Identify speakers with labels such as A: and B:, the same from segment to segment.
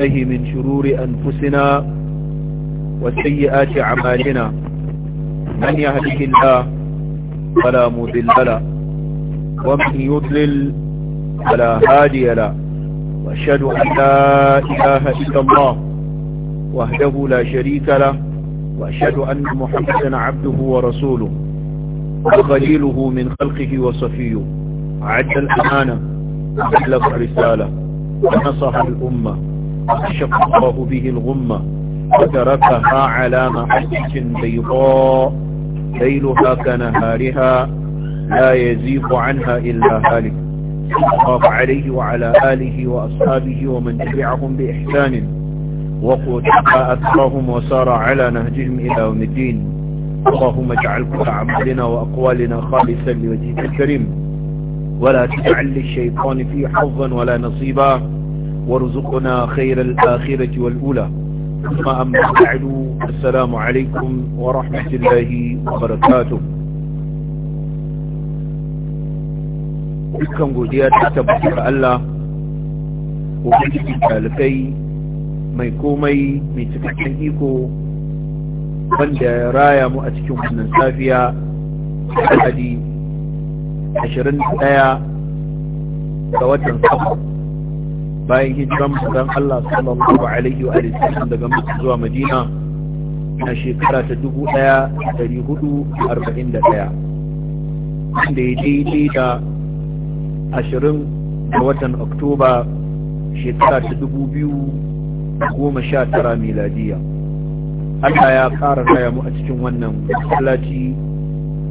A: الله من شرور أنفسنا وسيئات أعمالنا من يهده الله فلا مضل له ومن يضلل فلا هادي له وأشهد أن لا إله إلا الله وحده لا شريك له وأشهد أن محمدا عبده ورسوله وخليله من خلقه وصفيه عد الأمانة
B: وبلغ الرسالة
A: ونصح الأمة فكشف الله به الغمة وتركها على محجة بيضاء ليلها كنهارها لا يزيغ عنها إلا هالك صلى عليه وعلى آله وأصحابه ومن تبعهم بإحسان وقتقى أكثرهم وسار على نهجهم إلى يوم الدين اللهم اجعل كل عملنا وأقوالنا خالصا لوجهك الكريم ولا تجعل للشيطان في حظا ولا نصيبا وارزقنا خير الآخرة والأولى ثم أما بعد السلام عليكم ورحمة الله وبركاته dukkan godiya ta tabbata ga Allah ubangiji talibai mai komai mai cikakken iko wanda ya raya mu a cikin wannan safiya ta 21 ga watan safa bayan hijiran manzon Allah sallallahu alaihi wa sallam daga Makka zuwa Madina na shekara ta 1441 wanda ya daidai da 20 ga watan Oktoba shekara ta 2019 miladiya Allah ya ƙara raya mu a cikin wannan masallaci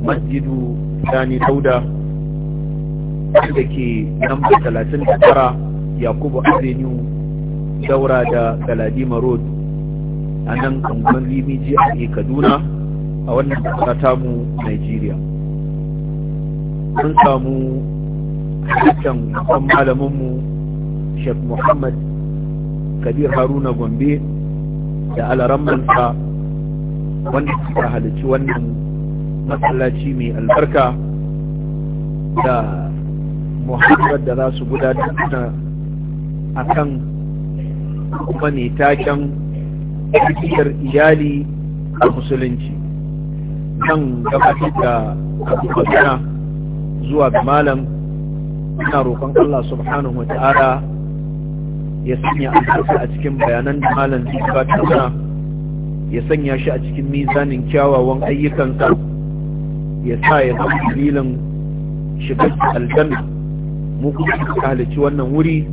A: masjidu Sani Dauda da ke namba 39 yakubu avenue daura da galadima road a nan angon limiji a ke kaduna a wannan kasa tamu nigeria an samu halittan kan malaminmu sheikh muhammad kabir haruna gombe da alarammansa wanda suka halarci wannan matsalaci mai albarka da muhammad da za su gudanar da akan kuma ne taken tarbiyyar iyali a musulunci kan gabatar da magana zuwa ga malam ina roƙon Allah subhanahu wa ta'ala ya sanya albarka a cikin bayanan da malam zai gabatar ya sanya shi a cikin mizanin kyawawan ayyukansa ya sa ya zama dalilin shigar aljanna mu kuma halici wannan wuri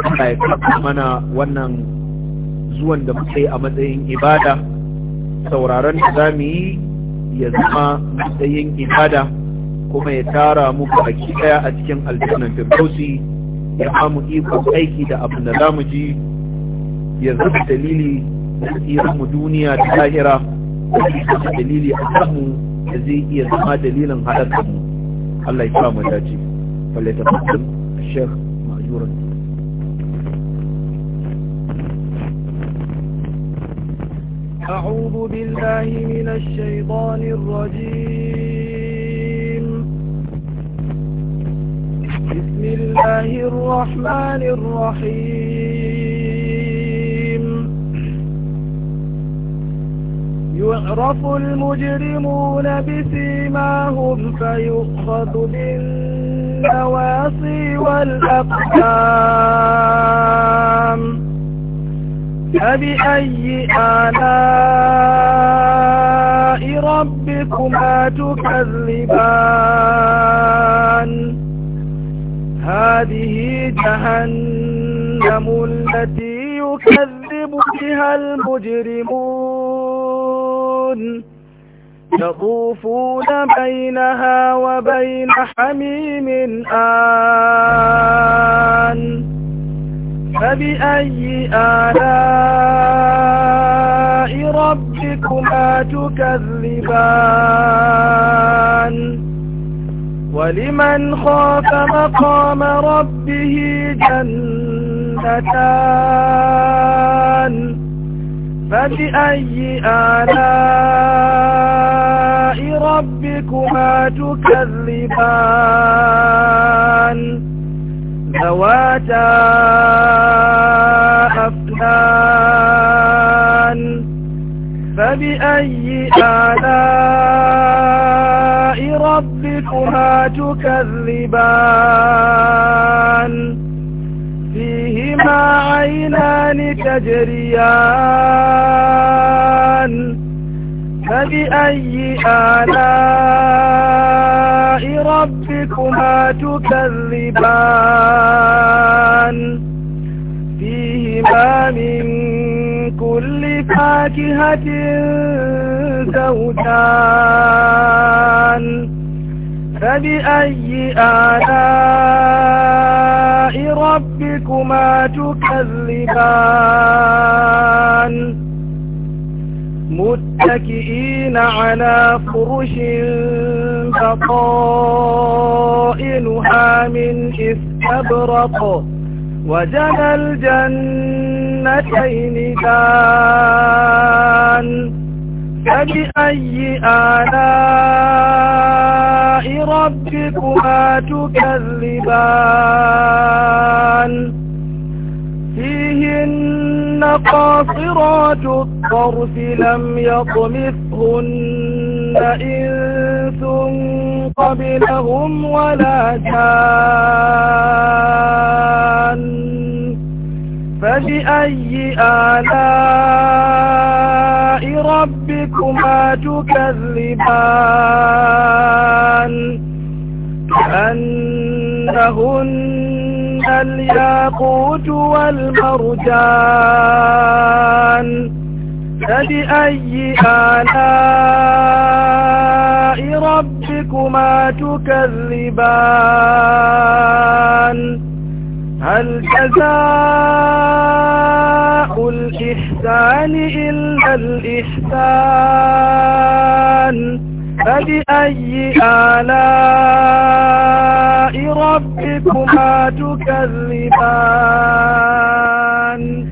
A: Allah ya kafa mana wannan zuwan da muka yi a matsayin ibada sauraron da za mu yi ya zama matsayin ibada kuma ya tara mu baki daya a cikin aljannan firdausi ya mu ikon aiki da abin da za mu ji ya zama dalili da tsira mu duniya da lahira
C: da dalili a
A: kanmu da zai iya zama dalilin halakar mu Allah ya sa mu dace falle ta fadin shekh majuran
D: أعوذ بالله من الشيطان الرجيم بسم الله الرحمن الرحيم يعرف المجرمون بسيماهم فيؤخذ بالنواصي والأقدام فبأي آلاء ربكما تكذبان هذه جهنم التي يكذب بها المجرمون يطوفون بينها وبين حميم آن فبأي آلاء ربكما تكذبان ولمن خاف مقام ربه جنتان فبأي آلاء ربكما تكذبان ذواتا أفنان فبأي آلاء ربكما تكذبان فيهما عينان تجريان فبأي آلاء ربكما تكذبان فيهما من كل فاكهة زوجان فبأي آلاء ربكما تكذبان متكئين على فرش قائلها من استبرق وجنى الجنتين دان فبأي آلاء ربكما تكذبان فيهن قاصرات الطرف لم يطمثهن إنس قبلهم ولا جان فبأي آلاء ربكما تكذبان كأنهن الياقوت والمرجان فبأي آلاء ربكما تكذبان هل جزاء الإحسان إلا الإحسان فبأي آلاء ربكما تكذبان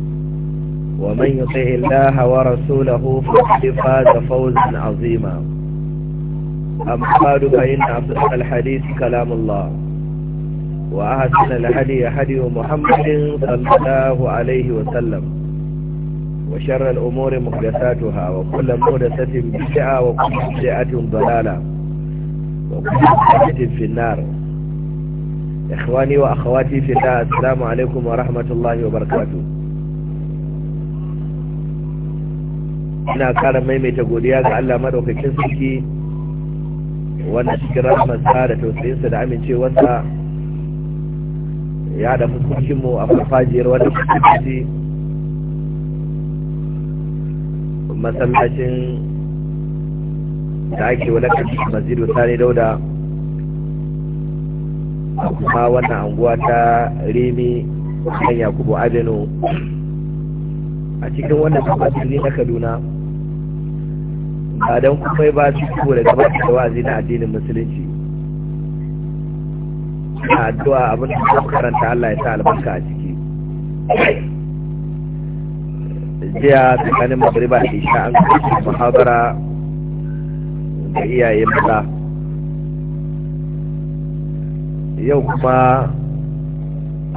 A: ومن يطع الله ورسوله فقد فاز فوزا عظيما أما بعد فإن أصدق الحديث كلام الله وأحسن الهدي هدي محمد صلى الله عليه وسلم وشر الأمور محدثاتها وكل محدثة بدعة وكل بدعة ضلالة وكل بدعة في النار إخواني وأخواتي في الله السلام عليكم ورحمة الله وبركاته ina kara maimaita godiya ga Allah madaukakin sarki wanda cikin rahmarsa da tausayinsa da amincewarsa ya da mu a farfajiyar wanda kusurci masallacin da ake walakar masjidu sani dauda
B: a kuma wannan
A: anguwa ta remi kan yakubu adeno a cikin wannan tabbatar na kaduna ba don kuma ba su kuma da gaba da wa na addinin musulunci a addu'a abin da kuma karanta Allah ya sa albarka a ciki jiya tsakanin magariba da isha an kasance muhabara da iyaye mata yau kuma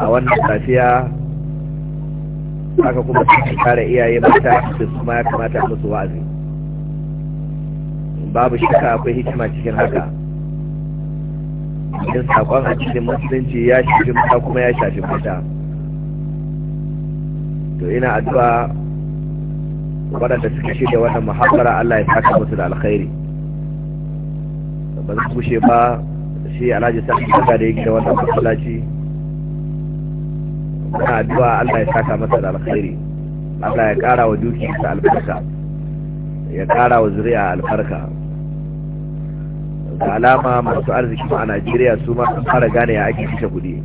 A: a wannan safiya aka kuma kare iyaye mata da su ma ya kamata musu wa'azi babu shaka akwai hikima cikin haka
C: yin sakon cikin
A: musulunci ya shafi mata kuma ya shafi mata to ina addu'a waɗanda suka shirya wannan muhabbara Allah ya saka musu da alkhairi ba kushe ba shi alhaji sa'ad daga da yake wannan masallaci muna addu'a Allah ya saka masa da alkhairi Allah ya ƙara wa dukiyarsa albarka ya ƙara wa zuri'a albarka da alama masu arziki a najeriya su ma fara gane ya ake kashe kudi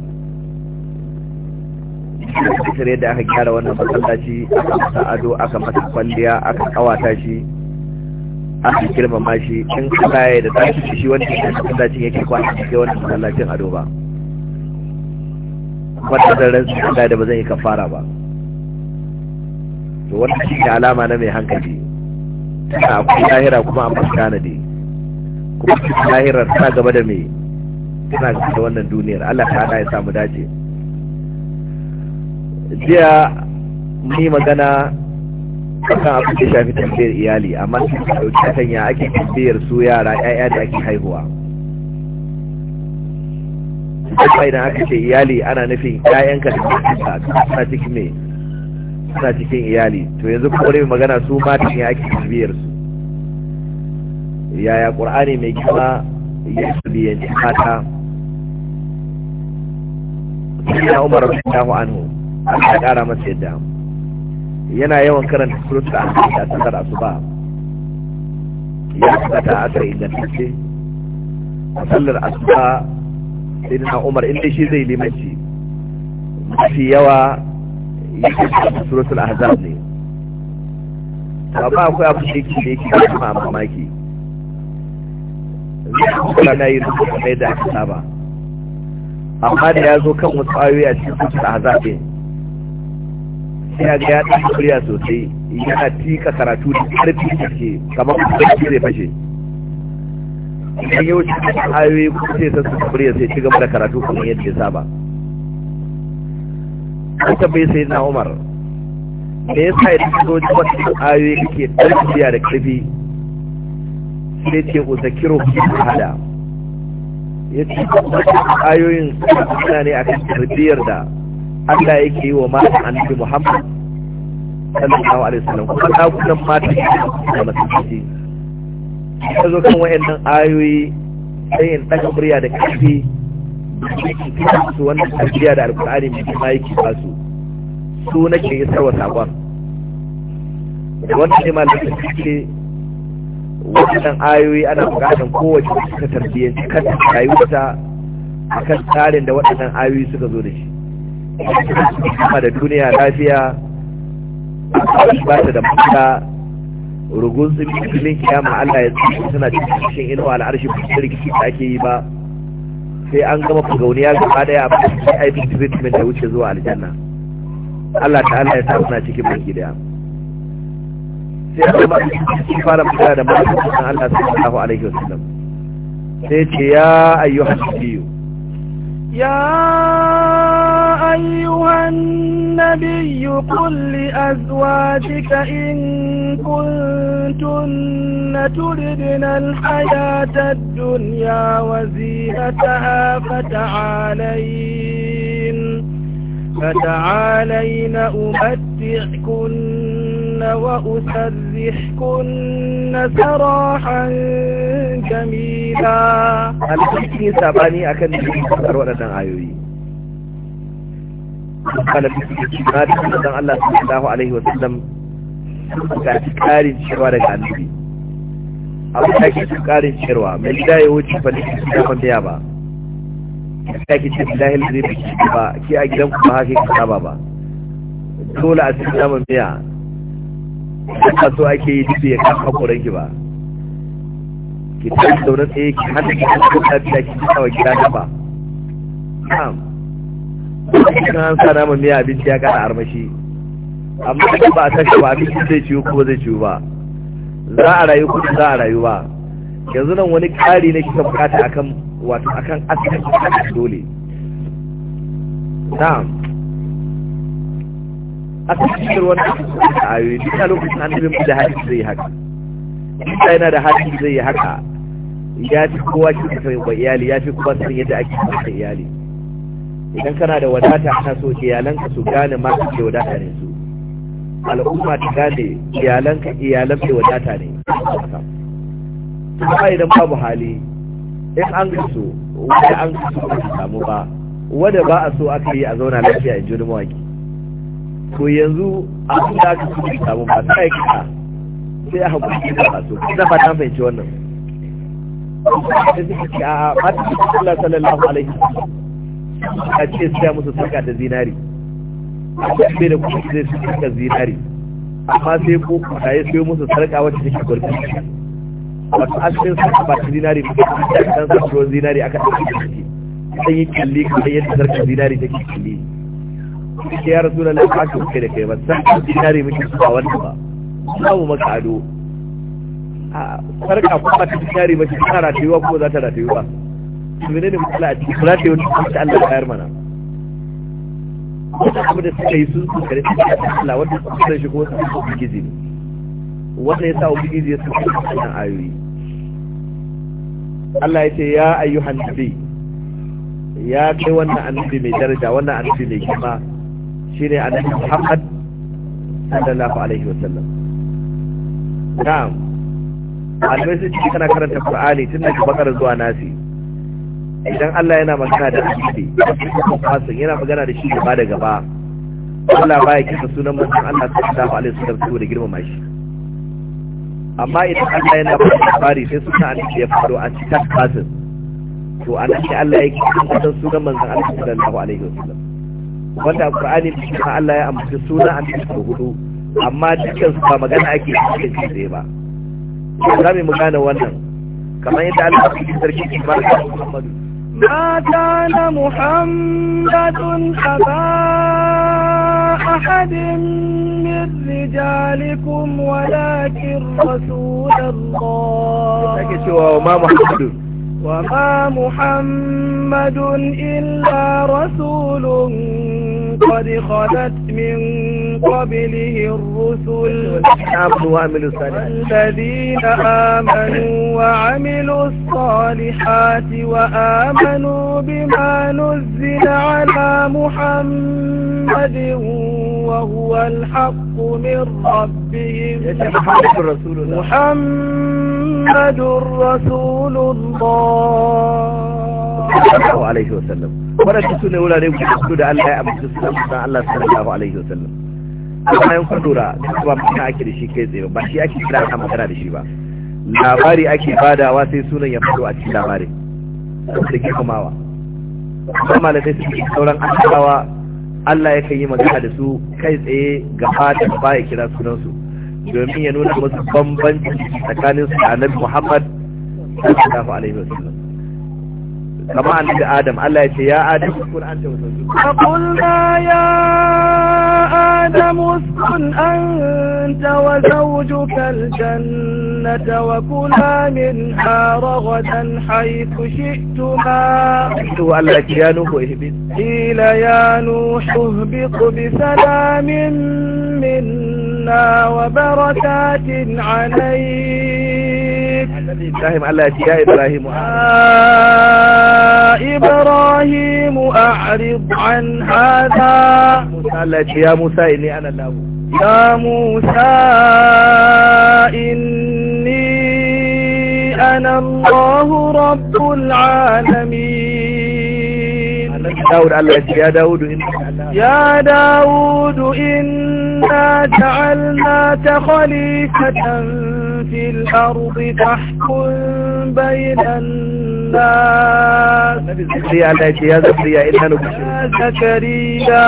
A: kasar yadda aka gyara wannan masallaci aka masa ado aka masa kwalliya aka kawata shi aka girmama shi in kala ya da tashi shi wanda ya masallacin yake kwana da kai wannan masallacin ado ba wata zarar su da ba zan yi kafara ba to wannan shi alama na mai hankali tana akwai lahira kuma a masu tanadi. kuma lahirar tana gaba da mai tana gaba da wannan duniyar Allah ta hada ya samu dace jiya ni magana kan abin da shafi tambayar iyali amma ta ɗauki kan ya ake tambayar su yara yaya da ake haihuwa kuma idan aka ce iyali ana nufin ƴaƴanka da mutunta suna cikin me suna cikin iyali to yanzu kuma wani magana su matan ya ake tambayar su yaya ƙur'ani mai girma ya tabiyanci mata sayyidina umar radiyallahu anhu an ta ƙara masa yadda yana yawan karanta suratul anfal a sallar asuba ya tsata a asar ingantacce a sallar asuba sayyidina umar inda shi zai limanci mafi yawa yake karanta suratul ahzab ne ba akwai abin da yake da yake mamaki kuma na yi rubutu mai da aka saba amma da ya zo kan wasu ayoyi a cikin kusur a zaɓe ya ga ya ɗan kuriya sosai yana tika karatu da ƙarfi da ke kamar kusur zai fashe
D: idan yau cikin
A: ayoyi kuma sai sassu kuriya sai ci gaba da karatu kamar yadda ya saba an tabbai sai na umar me yasa ya fito wajen wasu ayoyi kake ɗan kuriya da ƙarfi sai ce uzakiru hada ya ce ayoyin suna ne a kan tarbiyyar da Allah yake yi wa mata annabi Muhammad sallallahu alaihi wasallam kuma dakunan mata da masallaci ya zo kan wayannan ayoyi sai in daga murya da kafi su wannan tarbiyya da alkur'ani mai kuma yake ba su su nake isarwa sabon wanda ne malamin ce waɗannan ayoyi ana buƙatar kowace ta tarbiyyanci kan rayuwarta a kan tsarin da waɗannan ayoyi suka zo da shi kuma da duniya lafiya a ba ta da mata rugun tsibin filin kiyama Allah ya tsaye suna cikin a al'arshi ba su rikici da ake yi ba sai an gama fagauniya gaba daya a bakin aikin treatment da wuce zuwa aljanna Allah ta'ala ya sa suna cikin da 'yamma. sai Allah ya fara magana da manzon Allah sallallahu alaihi wasallam sai ce ya ayyuhan nabiyyu
D: ya ayyuhan nabiyyu qul li azwajika in kuntunna turidna al-hayata ad-dunya wa zinataha fata'alayn
C: فتعالين
D: أمتعكن وأسرحكن
A: سراحا جميلا الفكي ساباني أكن نبيكر وأنا آيوي قال الفكي ساباني الله صلى الله عليه وسلم ga karin cewa daga annabi abu da ke karin cewa mai gida ya wuce fa da ya kan ba ta ke ba ki a gidan ku ba haka ka ba dole a cikin samun biya Ka so ake yi duk ya kan hakuran ki ba ki ta zaune tsaye ki hada ki kan kuka biya ki kisa wa gida gaba na'am kan an sa naman miya abinci ya kara armashi amma idan ba a tashi ba abinci zai ciwo kuma zai ciwo ba za a rayu kuma za a rayu ba yanzu nan wani kari ne kika bukata akan wato akan asibiti dole na'am a cikin wannan ayoyi duk a lokacin an mu da hadisi zai haka Isa yana da hadisi zai yi haka ya fi kowa kusan wa iyali ya fi kuma san yadda ake kyautata iyali idan kana da wadata ana so iyalanka su gane ma su ke wadata ne su al'umma ta gane iyalanka iyalan mai wadata ne kuma idan babu hali in an gaso wani an gaso ba samu ba wanda ba a so aka yi a zauna lafiya in ji wani mawaki to yanzu a abin da aka kuma samu ba ta yi kika sai a hakuri da masu na fata fahimci wannan a mata su Allah sallallahu alaihi a ce su ya musu sarka da zinari a ce da kuma zai su sarka zinari amma sai ko kuka ya sayo musu sarka wacce take gurbi wato asalin sarka ba ta zinari ba ta kan sarka zinari aka ɗauki da shi sai yi kalli kamar yadda sarka zinari take kalli ce ya rasu da nan ba kai da kai ba san ka dinare miki su a wannan ba mu maka ado a sarka kuma ta dinare miki ta ratayuwa ko za ta ratayuwa su ne ne mutala a cikin ratayuwa ta Allah kayar mana wata kuma da suka yi sun su kare suka yi Allah wanda suka san shi ko su ki ubangiji ne wanda ya sa ubangiji ya suka yi wannan ayoyi Allah ya ce ya ayyuhan nabi ya kai wannan annabi mai daraja wannan annabi mai kima Shi ne annabi Muhammad sallallahu alaihi wasallam na'am alwai sai cikin kana karanta Qur'ani tun daga bakar zuwa nasi idan Allah yana magana da annabi kasan yana magana da shi gaba da gaba Allah baya kisa sunan mutum Allah sallallahu alaihi wasallam saboda girmama shi amma idan Allah yana ba labari sai suna annabi ya faɗo a cikin kasan to annabi Allah yake kisa sunan manzon Allah sallallahu alaihi wasallam wanda a ne da Allah ya ambaci suna a cikin hudu amma dukkan su ba magana ake cikin shi sai ba za mu gane wannan kamar yadda Allah ya sarki ki barka Muhammadu ma
D: na Muhammadun aba ahadin من رجالكم ولكن رسول
A: الله ma Muhammadu?
D: وما محمد إلا رسول قد خلت من قبله الرسل الذين آمنوا وعملوا الصالحات وآمنوا بما نزل على محمد وهو الحق من ربهم محمد رسول الله sallallahu
A: alaihi sallam waɗanda su ne wurare da Allah ya amince su da mutan Allah sallallahu alaihi wasallam amma yan kun ba mutum ake da shi kai tsaye ba shi ake kira ana magana da shi ba labari ake badawa sai sunan ya fito a cikin labarin da ke kumawa kuma malamai su ke sauran annabawa Allah ya yi magana da su kai tsaye ga fata ba ya kira sunansu domin ya nuna musu bambanci tsakanin su da Annabi Muhammad sallallahu alaihi wasallam kama da adam Allah ya ce ya adam kun
D: anta wa zawjuka qulna ya adam kun ta wa zawjuka aljannata wa kula minha ragadan haythu shi'tuma
A: to Allah ya nuhu ihbit
D: qila ya nuhu ihbit bi salamin min. منا وبركات عليك
A: إبراهيم على يا إبراهيم آه.
D: يا إبراهيم أعرض عن هذا
A: موسى يا موسى إني أنا الله
D: يا موسى إني أنا الله رب العالمين
A: داود الله يا داود إن
D: يا داود إنا جعلناك خليفة في الأرض تحكم بين الناس
A: يا زكريا إنا نبشر
D: يا زكريا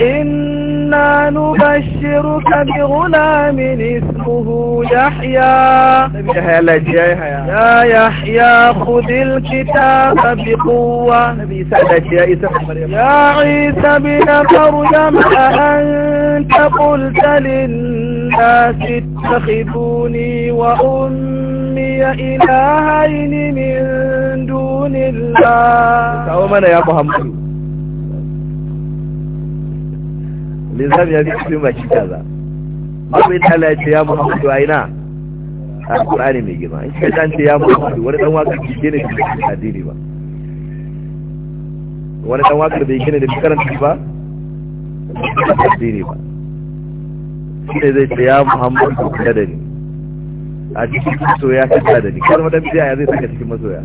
D: إنا إنا نبشرك بغلام اسمه يحيى
B: يا
D: يحيى خذ الكتاب بقوة يا عيسى بن مريم أأنت قلت للناس اتخذوني وأمي إلهين من دون الله
A: linzami ya fi cikin baki kaza babu ita ya ce ya muhammadu a ina a ƙur'ani mai girma in ce ta ce ya muhammadu wani ɗan wakar bai gina da cikin addini ba wani ɗan wakar bai gina da karanta ba addini ba shi ne zai ce ya muhammadu kusa da ni a cikin masoya ka ta da ni kan madan biya ya zai saka cikin masoya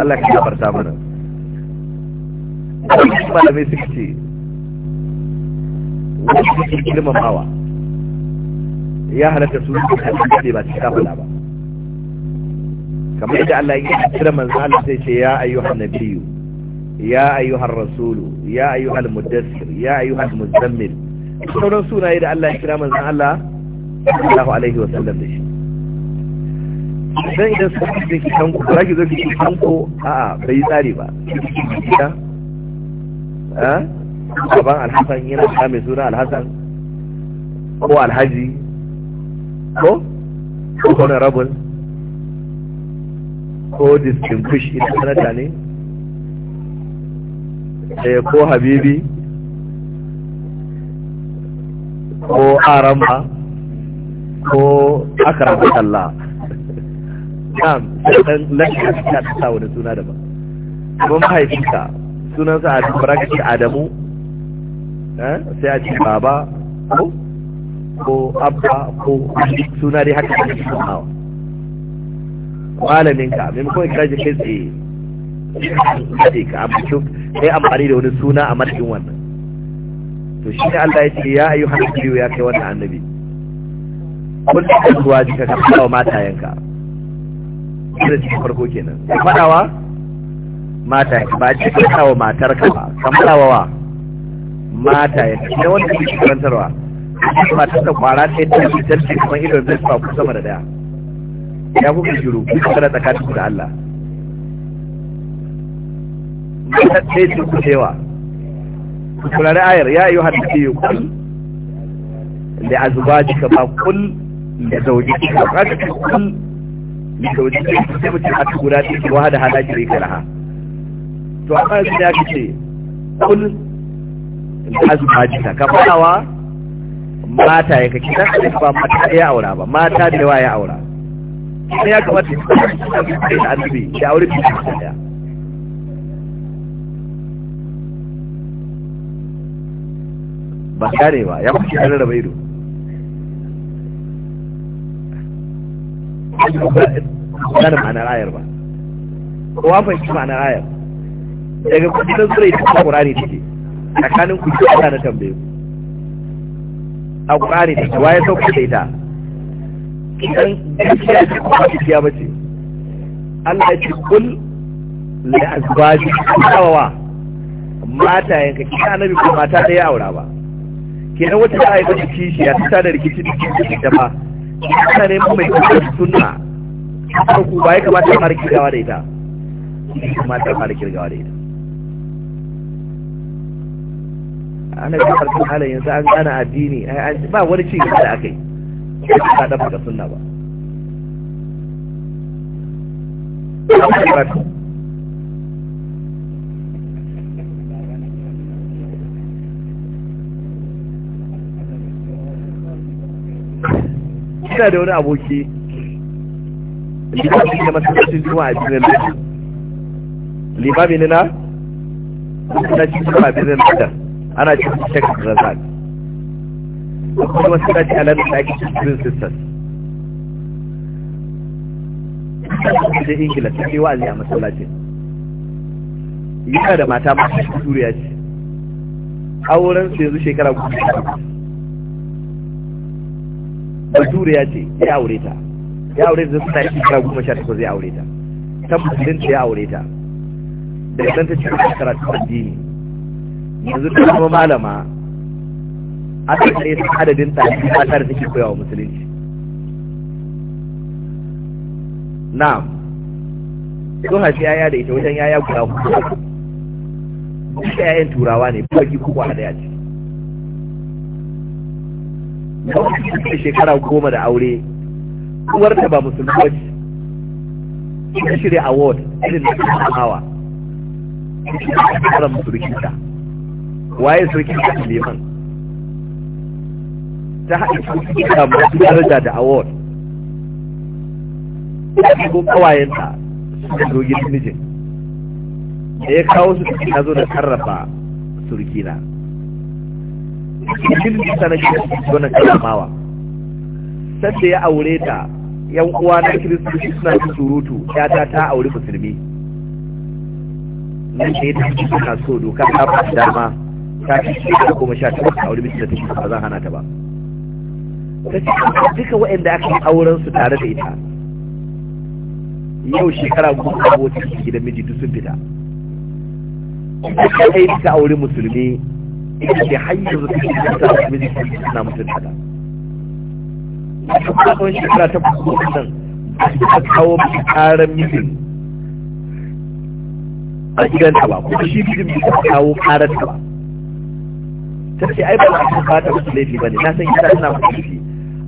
A: Allah ka gafarta mana malamai suka ce wanda kake girmamawa ya halatta su ne ba cikin kafala ba kamar yadda Allah ya yi kira manzo Allah sai ce ya ayyuhan nabiyyu ya ayyuhan rasulu ya ayyuhan mudassir ya ayyuhan muzammil sauran sunaye da Allah ya kira manzo Allah sallallahu alaihi wa sallam da shi dan idan su kike ki kan ku ki zo ki kan ku a'a bai tsari ba a baban alhassan yana da mai suna alhassan ko alhaji ko ko rabin ko distinguished ita sanata ne eh, ko habibi ko aramba ko akarar Allah na'am sai lafiya ta ta wani suna daban kuma mahaifinka sunansa a dubarakin adamu Eh? sai a ce baba ko abba ko suna dai haka da su hawa malamin ka mai kawai kaji kai tsaye sai ka abuci sai amfani da wani suna a madadin wannan to shi ne Allah ya ce ya ayu hanabiyu ya kai wannan annabi kun da kasuwa jika ka fada wa matayenka da cikin farko kenan fadawa yanka ba a cikin fadawa matarka ba ka kamar wa mata ya ce da wanda yake karantarwa ba ta ta kwara ta ta fitar kuma irin zai fa sama da daya ya kuka shiru ku kuka da tsakanin ku da Allah ta ce su ku cewa ku turare ayar ya yi hadda yi kul da azwajika ba kul da zaujika ba ka kul da zaujika sai mutum a tukura ta ke wahada hada kire karaha to a kan ya ce kul azbajika ka fadawa mata ya kake ta ba mata ya aura ba mata da yawa ya aura kuma ya kamata da annabi ya aure ki ya. ba kare ba ya kuke da raba ido ba ma'anar ayar ba kowa fahimci ma'anar ayar daga kudin zurai ta kurani take tsakanin ku ce ana na tambaye ku a ƙwari da cewa ya sauka da ita idan gaskiya ce ko ba gaskiya ba ce Allah ya ce kul la azwaji kawawa mata yanka ki annabi ko mata da ya aura ba kenan wata da ai bace kishi ya tsada da rikici da kishi da ba kana ne mai kuma sunna ko ku ba ya kamata a marki gawa da ita kamata a marki gawa da ita ana jihar kan halin yanzu an gana addini ba wani ci gaba da aka yi ba ta da suna ba ina da wani aboki limamin da masarautar juma'a a birnin lagos limamin na masarautar juma'a a birnin ana cin shek razak akwai wasu daji a lalata ake cin green sisters da ingila ta kewa a masallacin yana da mata masu shi turiya ce auren su yanzu shekara ba baturiya ce ya aure ta ya aure ta suna shekara goma sha takwas zai aure ta ta musulunta ya aure ta da ta cikin ta addini yanzu ta zama malama a kan ne su adadin tarihi ta da take koyawa musulunci na'am sun haifi yaya da ita wajen yaya guda hudu duk yayan turawa ne baki ko a daya ce lokacin shekara goma da aure ta ba musulmi wacce ta shirya award irin na kama hawa ta shirya ta. waye sarki da liman ta haɗe da masu daraja da award ko kawayenta suka zo gidan mijin da ya kawo su ta zo da sarrafa surkina cikin nisa na gidan wannan karamawa sadda ya aure ta yan uwa na su suna su surutu ya ta ta aure musulmi nan ne ta suna so doka ta ba dama ta ce shekara goma sha takwas a wani mijin da take ba za hana ta ba ta ce duka waɗanda aka yi auren su tare da ita yau shekara goma ko wata ke gidan miji duk sun fita ita ta yi ta aure musulmi ita ce hanyar zuwa ta ke ta da miji suna mutunta ta
B: ta kuma tsawon shekara ta kuma
A: nan ba su ta kawo mai karan mijin a gidanta ba kuma shi mijin bai ta kawo karan ta ba ta ce ai ba ka fata musu laifi bane na san kina tana musu laifi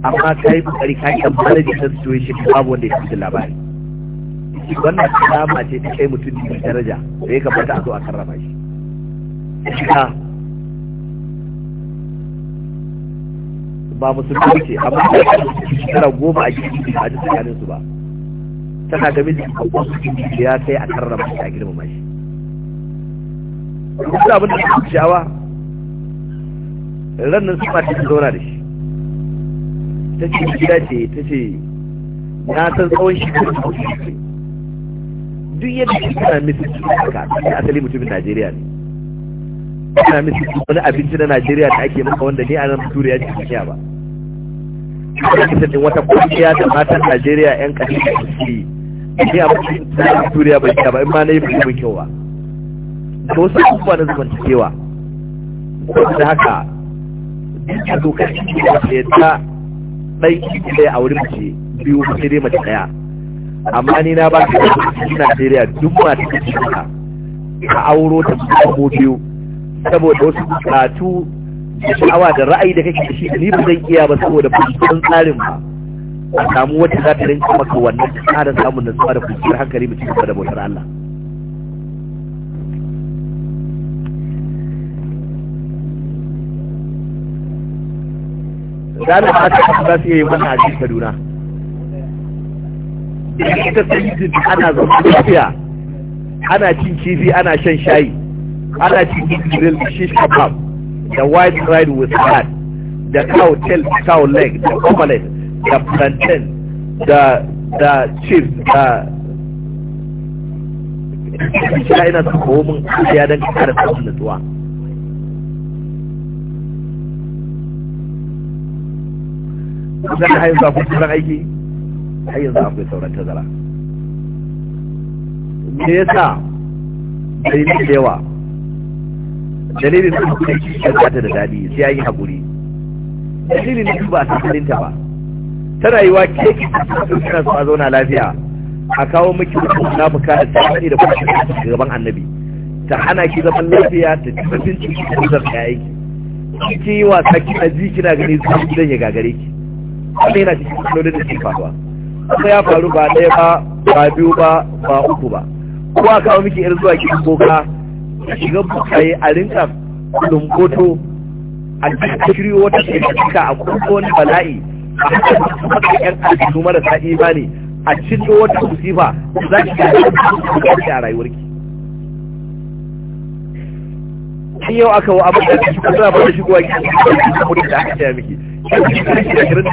A: amma kai kokari ka yi manage ta situation babu wanda ya fi labari wannan alama ce ta kai mutum da daraja da ya kamata a zo a karrama shi ba musulmi ce amma shekara goma a gidi a ji tsakanin su ba tana ga miji a wasu ya kai a karrama shi a girmama shi. Kuma abin da ke shawa rannan su mata ta zauna da shi ta ce gida ce ta ce na san tsawon kuma su shi
B: duk yadda shi kana
A: misali haka ta asali mutumin najeriya ne ana misali wani abinci na najeriya da ake maka wanda ne a nan turu ya ce Ya ba ana misalin wata kungiya da matan najeriya yan kashi da suke ne a mutumin da ya bai ba in ma na yi mutumin kyau ba da wasu abubuwa na zamantakewa da haka a dokar ciki da ya ta ɗai ciki a wurin mace biyu sai dai mace ɗaya amma ni na ba ka cikin najeriya duk ma ta ciki ka a auro ta kuma biyu saboda wasu bukatu da sha'awa da ra'ayi da kake da shi ni ba zan iya ba saboda fuskan tsarin ba a samu wacce za ta rinka maka wannan tsarin samun nutsuwa da kwanciyar hankali mace da bautar Allah gane ba aka za su yi mana a cikin kaduna ita sai ana zama lafiya ana cin kifi ana shan shayi ana cin grill shish kebab da white fried with salad da cow tail cow leg da omelette da plantain da da chips da shi ina su kowo mun ya dan kara samun nutsuwa ku ga hayin za ku san aiki hayin za akwai sauran tazara me yasa dalilin da yawa dalilin da kuma cikin zata da dadi sai an yi haƙuri dalilin da ba a san ta ba ta rayuwa ke ki kina so a zauna lafiya a kawo miki wata munafuka da tsari da kuma gaban annabi ta hana ki zaman lafiya ta ci mutunci ki da aiki kike yi wasa kina ji kina gani zuwa gidan ya gagare ki
D: wanda yana cikin matsalolin
A: da ke faruwa kuma ya faru ba ɗaya ba ba biyu ba ba uku ba ko a kawo miki yar zuwa gidan boka a shiga bukaye a rinka lumboto a shirya wata shirka a kuma wani bala'i a haka maka yan aljihu marasa imani a cinno wata musifa za ki ga a rayuwarki in yau aka wa abin da suka zama da shigowa gidan da aka ce miki shekara shi da biyu da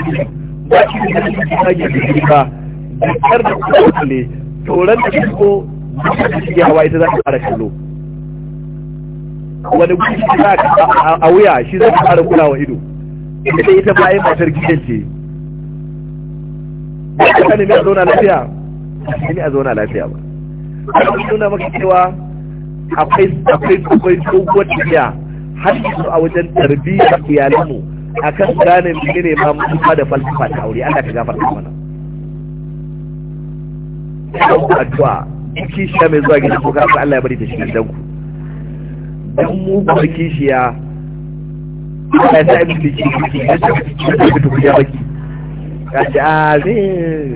A: ko hawa ita za ta fara kallo wani gudu za a wuya shi za fara kulawa ido ita ita ba matar gidan ce ba a zauna lafiya ba ne a zauna lafiya ba a kuma nuna maka cewa akwai akwai tafiya har yanzu a wajen tarbiyyar iyalanmu akan gane ne ma ba da falsafa ta aure Allah ka gafarta mana addu'a
B: kishiya mai zuwa gidan ku kafin
A: Allah ya bari ta shi gidan ku dan mu ba kishiya Allah ya sa mu da kishiya ya ta fito ku ya baki ka ji azin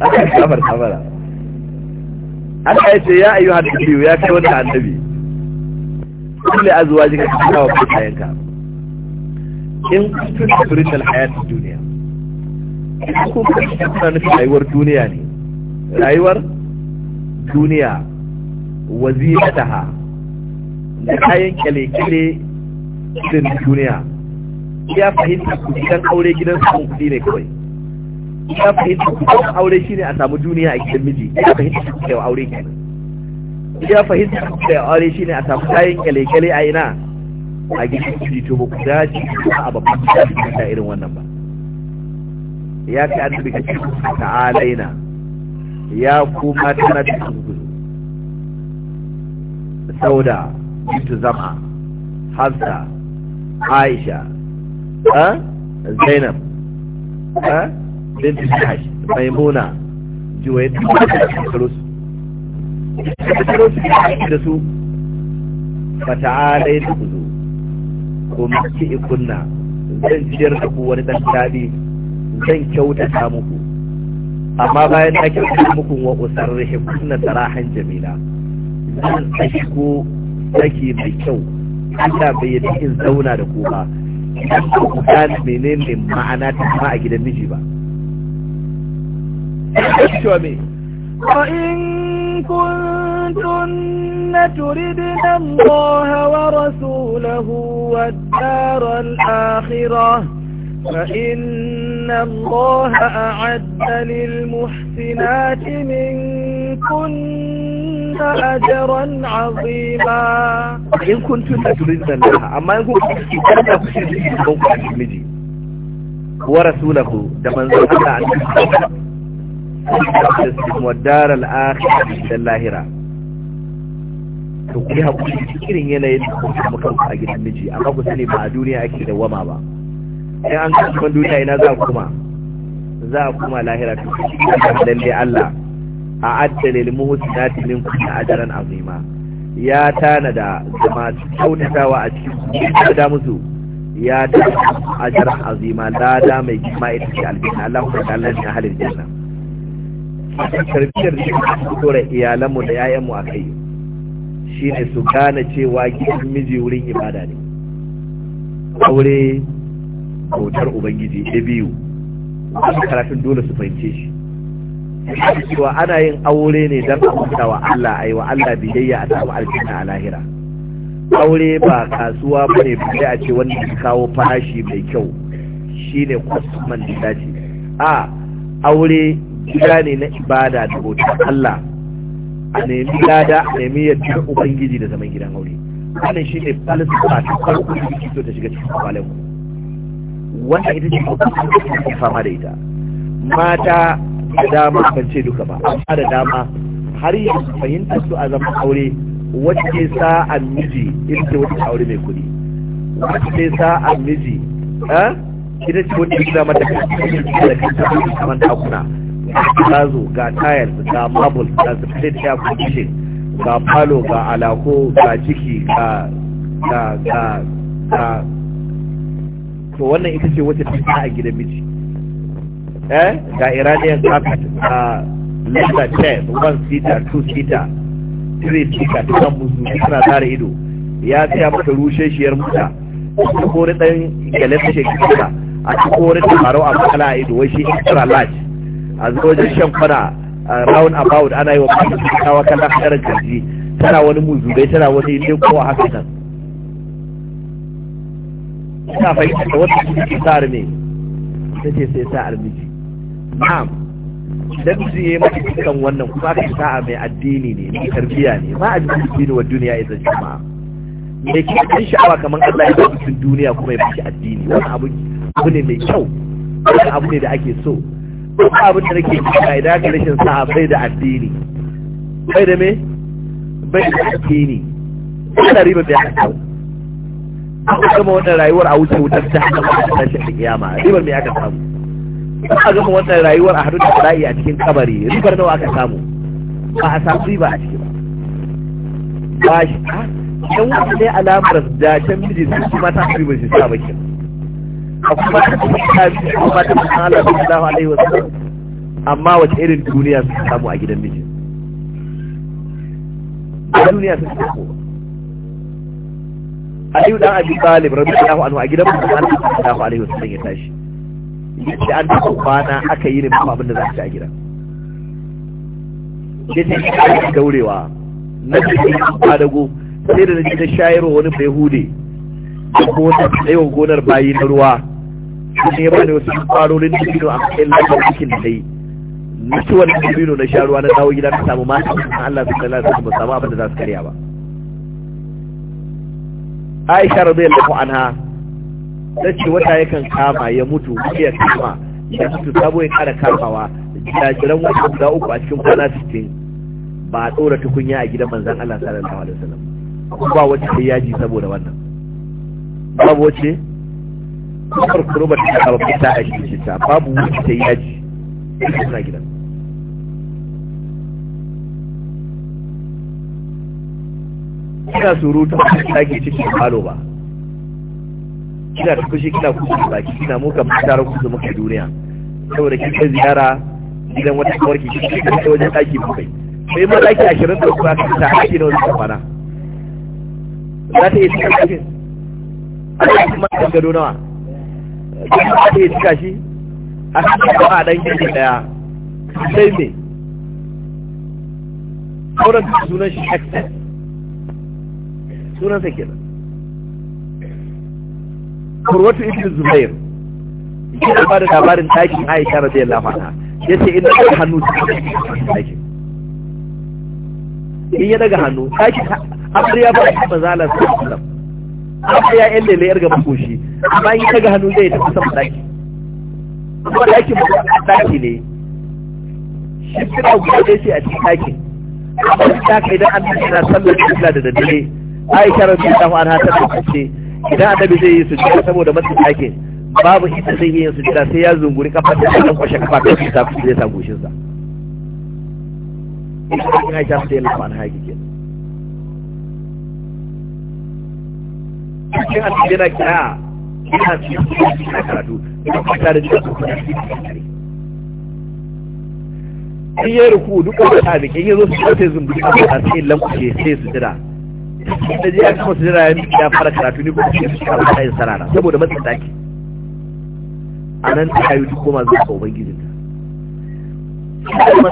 A: Allah ya gafarta mana Allah ya ce ya ayyuha biyu ya kai wata annabi kulli azwajika kana wa bayanka in kuntum turidu hayati dunya in ku kuna nufin rayuwar duniya ne rayuwar duniya wazirataha da kayan kyale-kyale din duniya ya fahimta ku gidan aure gidan sun kuɗi ne kawai ya fahimta kuɗin aure shine a samu duniya a gidan miji ya fahimta kuɗin aure kenan ya fahimta kuɗin aure shine a samu kayan kyale-kyale a ina a gidan miji to ba ku dace a babban gidan da irin wannan ba ya kai annabi ka ce alaina. ya kuma tana cikin gudu sauda bintu zama hafsa aisha ah, zainab ah, بنت جحش ميمونة جويد كروس كروس كروس فتعالي تخذو ومكي كنا zan ciyar da ku wani dan daɗi zan kyautata muku amma bayan na kyautata muku wa usarrihi kunna tarahan jamila zan saki saki mai kyau Ina bai yi cikin zauna da ku ba ku gane menene ma'ana ta ma a gidan miji ba
D: cewa me wa in kuntunna turidna Allah wa rasulahu wad daral akhirah فإن الله أعد للمحسنات منكن أجرا عظيما
B: إن
A: كنتن تريدن الله أما إن كنتن تريدن الله ورسوله دمان زوجة عن wa daral akhirah da lahira to ku hakuri cikin yanayin da kuka a gidan miji amma ku sani ba a duniya ake da wama ba sai an kuma duniya ina za kuma za kuma lahira to lalle Allah a addalil muhsinati minkum ajran azima ya tanada da kyautatawa a cikin da musu ya tanada ajran azima lada mai girma ita ce aljanna Allah ku kallon halin janna a tarbiyyar da aka iyalanmu da 'ya'yanmu a kai Shi ne su gane cewa gidan miji wurin ibada ne aure bautar ubangiji ɗaya biyu wasu karafin dole su fahimce shi cewa ana yin aure ne don a wa Allah a yi wa Allah biyayya a samu aljanna a lahira aure ba kasuwa ba ne ba a ce wanda ya kawo farashi mai kyau Shi kwasman da dace aure gida ne na ibada da bautar Allah a nemi lada a nemi yadda ubangiji da zaman gidan aure wannan shi ne falsafa ta farko da kike so ta shiga cikin kwalen ku wanda ita ce kuma fama da ita
D: mata
A: da dama ban ce duka ba amma da dama har yi fahimtar su a zaman aure wacce a miji ita ce wacce aure mai kuɗi wacce a miji eh ita ce wacce gida mata kanta da ta kamar dakuna tazo ga tayar ga bubble ga split air condition ga palo ga alako ga ciki ga ga ga ga to wannan ita ce wacce ta a gidan miji eh ga iranian carpet ga leather chair one seater two seater three seater dukan musulmi suna tare ido ya tsaya mata rushe shiyar mota ko wani dan gyalen da shekara a cikin wani tabarau a makala a ido wai shi extra large a zo wajen shan kwana a round about ana yi wa kwanci kawa kallon hadarin kirji tana wani muzurai tana wani ne kowa haka nan ina fahimta da wata kuma ke sa'ar ne ta ce sai sa'ar miji na'am idan su yi mata cikin wannan kuma aka yi a mai addini ne mai tarbiyya ne ma a jikin ne wa duniya ya zai jama'a mai ke kan sha'awa kamar Allah ya ba mutum duniya kuma ya bashi addini wani abu ne mai kyau wani abu ne da ake so duk abin da nake ka idan ka rashin sa'a bai da addini bai da me bai da addini wanda riba bai aka samu aka gama wannan rayuwar a wuce wutar ta haka ba ta shi a kiyama ribar mai aka samu aka gama wannan rayuwar a hadu da bala'i a cikin kabari ribar nawa aka samu ba a samu riba a ciki ba ba shi ta wani ne alamar dacen miji su mata ta ribar shi sa bakin kuma kuma amma wace irin duniya su samu a gidan miji duniya su samu Aliyu dan Abi Talib radiyallahu anhu a gidan manzon Allah ya tashi Da an taɓa kwana aka yi ne ba abin da za ci a gidan yace ina daurewa na cikin kwadago sai da na shayarwa wani bai hude da gonar bayi na ruwa shi ya bani wasu kwarorin dabino a matsayin lafiyar cikin da yi mutuwar dabino na sharuwa na dawo gida na samu mata a Allah su kalla su ba samu abin da za su karya ba Aisha radiyallahu anha ta ce wata yakan kama ya mutu ya kama ya mutu sabo ya kara kamawa jajiran wata guda uku a cikin kwana sittin ba a tsora tukunya a gidan manzan Allah sallallahu alaihi wasallam ba wacce ta yaji saboda wannan babu wacce kafar kurubar ta kaba ba ta ake ta babu wuce ta yaji suna gidan kina surutu ba ke cikin halo ba kina kushe kina kusa baki kina muka matar kusa muka duniya saboda kin kai ziyara gidan wata kawarki kin kai wajen daki bakwai sai ma daki ashirin da kuma ka ta ake na wani kwana za ta iya cikin kafin a kuma matan gado nawa ba ta cika shi a cikin ba a ɗan gini ɗaya sai sauran sunan shi zubair
B: da labarin
A: ɗakin aisha radiyallahu anha ya ce ina daga hannu in ya daga hannu har ya ba shi mazalar sallallahu amma ya yan lele yar gaban goshi amma in kaga hannu zai tafi sama daki kuma dakin ɗaki ne shi kuma guda ce a cikin ɗakin amma ta kai dan annabi yana sallar isla da daddare
D: Aisha radiyallahu anha ta
A: ce idan annabi zai yi su sujjada saboda matsin ɗakin babu inda zai yi yin sujjada sai ya zunguri kafar da kan kwashe kafa ta fita zai sa goshin sa Ina ga Aisha radiyallahu anha kenan
B: cikin al'adina kira ina cikin karatu ina kwata da cikin kuma
A: yi ruku duk wani sabi zo su zumbi a sai lankushe sai su jira da ya kama su jira ya fara karatu kuma sai su sarara saboda matsin daki a nan ta yi duk kuma zuwa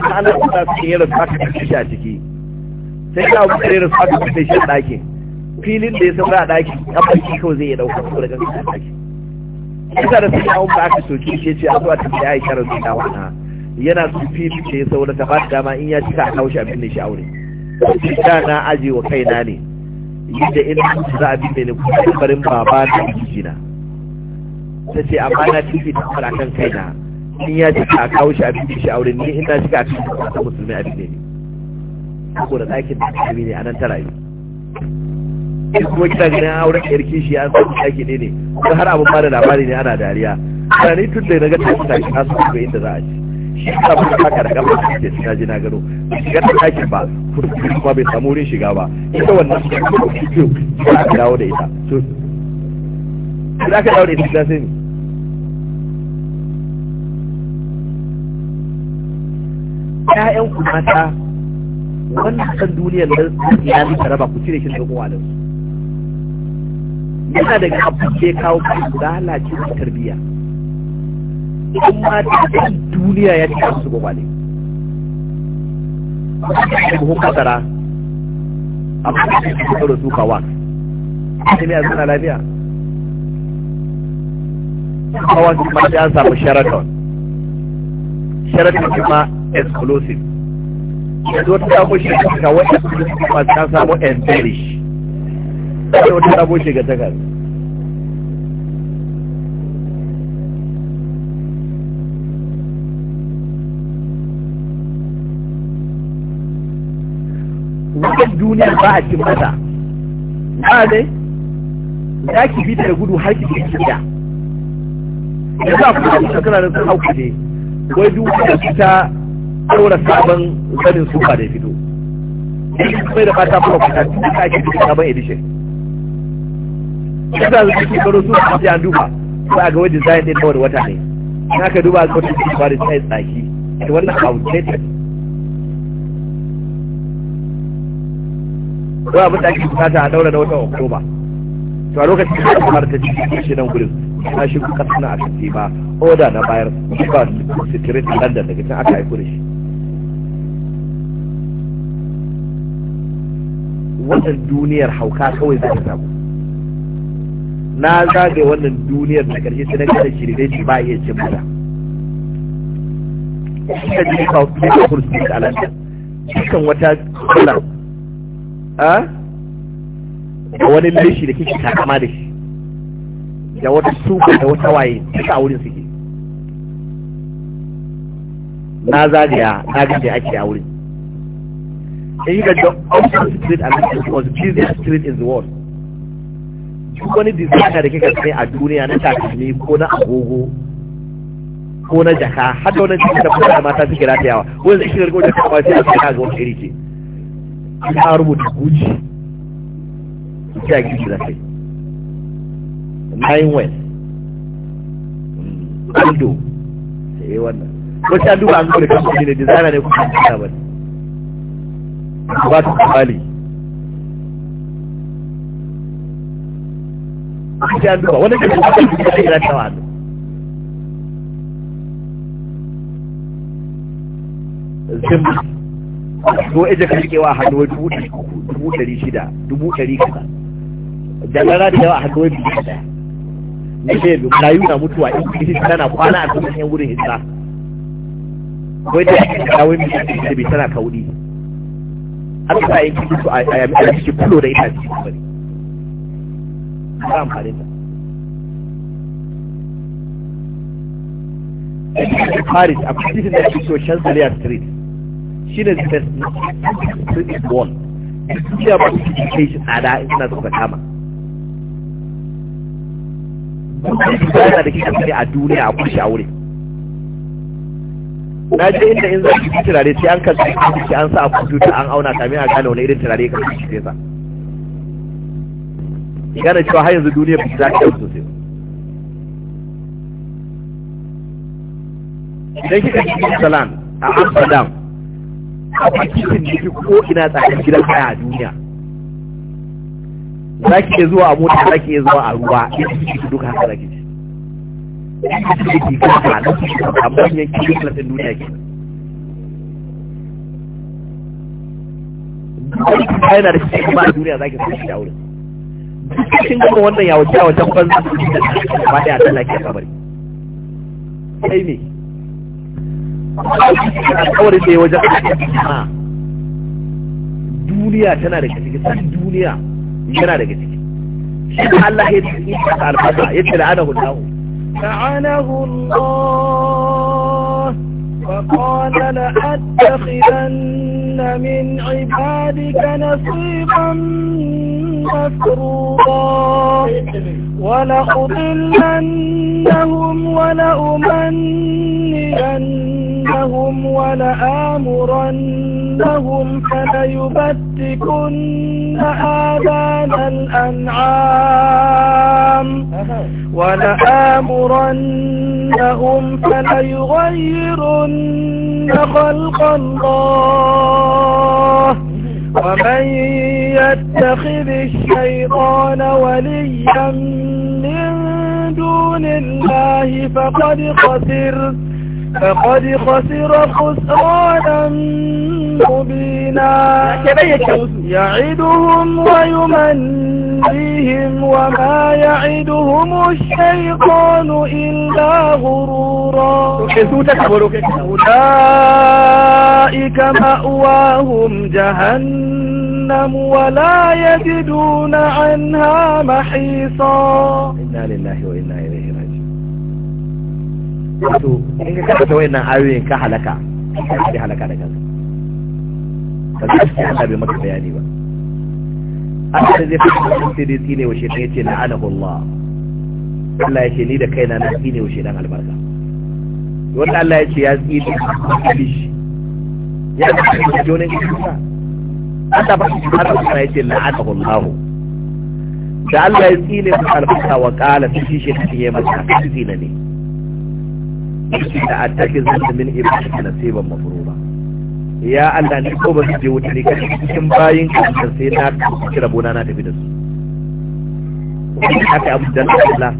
B: ta ana su yi rasu aka kashe shi
A: a ciki sai ya abu kare rasu aka kashe shi a ɗakin filin da ya saura a ɗaki a barci kawai zai iya ɗauka su daga kan ɗaki
D: kusa da sun yawon ba
A: aka soke shi ce a zuwa tafiya ya yi sharar su dawa na yana su fili da ya saura ta ba dama in ya cika a kawo shi abin da shi aure da na aje wa kaina ne yadda ina za a bin da ni ba barin baba da jijina ta ce amma na tafi da fara kan kaina in ya cika a kawo shi abin da shi aure ne ina cika a cikin musulmi abin binne. ne saboda ɗakin da ne a nan ta rayu in kuma kina ganin auren yar kishi an san taki ne ne kuma har abin bada labari ne ana dariya ana ne tun da na ga tafi taki na san ga inda za a ci
B: shi ka ba ka da gaba
A: da suna ji na gano shiga da ɗakin ba kuma bai samu wurin shiga ba ita wannan kiyo ba aka dawo da ita to za ka dawo da ita sai ne ‘ya'yan ku mata wannan kan duniyar da ya raba ku cire shi da kowa da su. yana daga abu da ya kawo kai lalace da tarbiyya idan ma da duniya ya cika su gwale
B: buhun kasara a amma da shi kusa da su
A: wa ta ne a suna lafiya
B: su kuma ta
A: an samu sharaton sharaton kuma exclusive yanzu wata samun sheraton kawai cikin kuma ta samu embellish da wata sabo shiga ga kan wajen duniya ba a cin mata ba ne za ki bi da gudu har ki bi gida da za ku kuma kana da sun hauka ne wai duniya ki ta ɗaura sabon zanin suka da fito. kuma da fata kuma kuta ta ake cikin sabon edishin.
C: yadda da suke karo su
A: a sai an duba sai ga wajen zayin ɗaya kawai wata ne na aka duba ga wajen su ba da tsaye tsaki da wannan ce. wani abin da ake bukata a daura na wata oktoba to a lokacin da kuma ta ciki shi nan gudun na shi kuka suna a kasi ba oda na bayar su ba su sitirin london daga can aka haiku da shi wannan duniyar hauka kawai zai ta samu na zagaye wannan duniyar na karshe sai na kada shirye shi ba iya cin mata
C: ina ji ka kuma su da alanta
A: Kukan wata kula a da wani lishi da kike takama da shi da wata suka da wata waye duka a wurin suke na zagaya na gaje ake a wurin sai yi ga don opposite street and the most busiest street in the world duk wani designer da kika sani a duniya na takalmi ko na agogo ko na jaka har da wani jiki da kuma da mata suke ratayawa wani zai shirar rikon jaka ba sai a kai ga wani iri ce an rubuta guji ita gidi da kai nine west hmm. aldo sai eh, wannan wacce an duba an gode kamfani ne designer ne kuma ba ta kwali sai an da ira ije dubu ɗari shida dubu ɗari kaza yawa hannu na ce rayu na mutuwa in tana kwana a cikin yan wurin hijira
C: wai da kawai mai da bai tana
A: kauri an sa yanki su a yamci kulo da ita cikin bari ba amfani
B: ta Paris a cikin da
A: so Chancellor Street shi ne na street ba su kai shi tsada in suna kama da a duniya a kushe a na je inda in za ki turare sai an kan sai an sa a kwamfuta an auna kamin a gane wani irin turare ka kashe sa yana cewa har yanzu duniya ba za ta sosai idan kika cikin salam a amsterdam a kitin da ko ina tsakanin gidan kaya a duniya za ki iya zuwa a mota za ki iya zuwa a ruwa in kike ci duka haka za ki ci ki duniya ke kuma yana da shi ba a duniya za ki sa shi a wurin cikin gama wannan ya wuce wajen banza da ba da ta lafiya kamar sai me
B: kawai da ya wajen
A: duniya tana da ciki san duniya yana daga ciki shi da Allah ya ce
D: in ka alfasa ya ce la'ana hullahu la'ana hullahu فقال لأتخذن لنأتين من عبادك نصيبا مفروضا ولأضلنهم ولأمنينهم ولآمرنهم فليبتكن آذان الأنعام ولآمرنهم فليغيرن خلق الله ومن يتخذ الشيطان وليا من دون الله فقد خسر فقد خسر خسرانا مبينا يعدهم ويمنيهم وما يعدهم الشيطان إلا غرورا أولئك مأواهم جهنم جهنم ولا يجدون عنها محيصا إنا
A: لله وإنا إليه راجعون إن كحت وإنا عوين كحلك كحلك على كذا فالكشف عنها بمكتب يعني أحد الذي فتح المسجد يتيني وشيخيتي لعنه الله ألا يشيني لكينا نهديني وشيخيتي البركة ولا لا يشيني لكينا نهديني وشيخيتي البركة يا ابن الجنين Allah ba shi hada kuma yace la'anahu Allah da Allah ya tsine masa albarka wa qala shi shi shi ya masa tsine ne da attaki zan min ibadati nasiban mafruba ya Allah ni ko ba je wuta ne kace cikin bayin ka sai na kira bona na tafi da su haka abu da Allah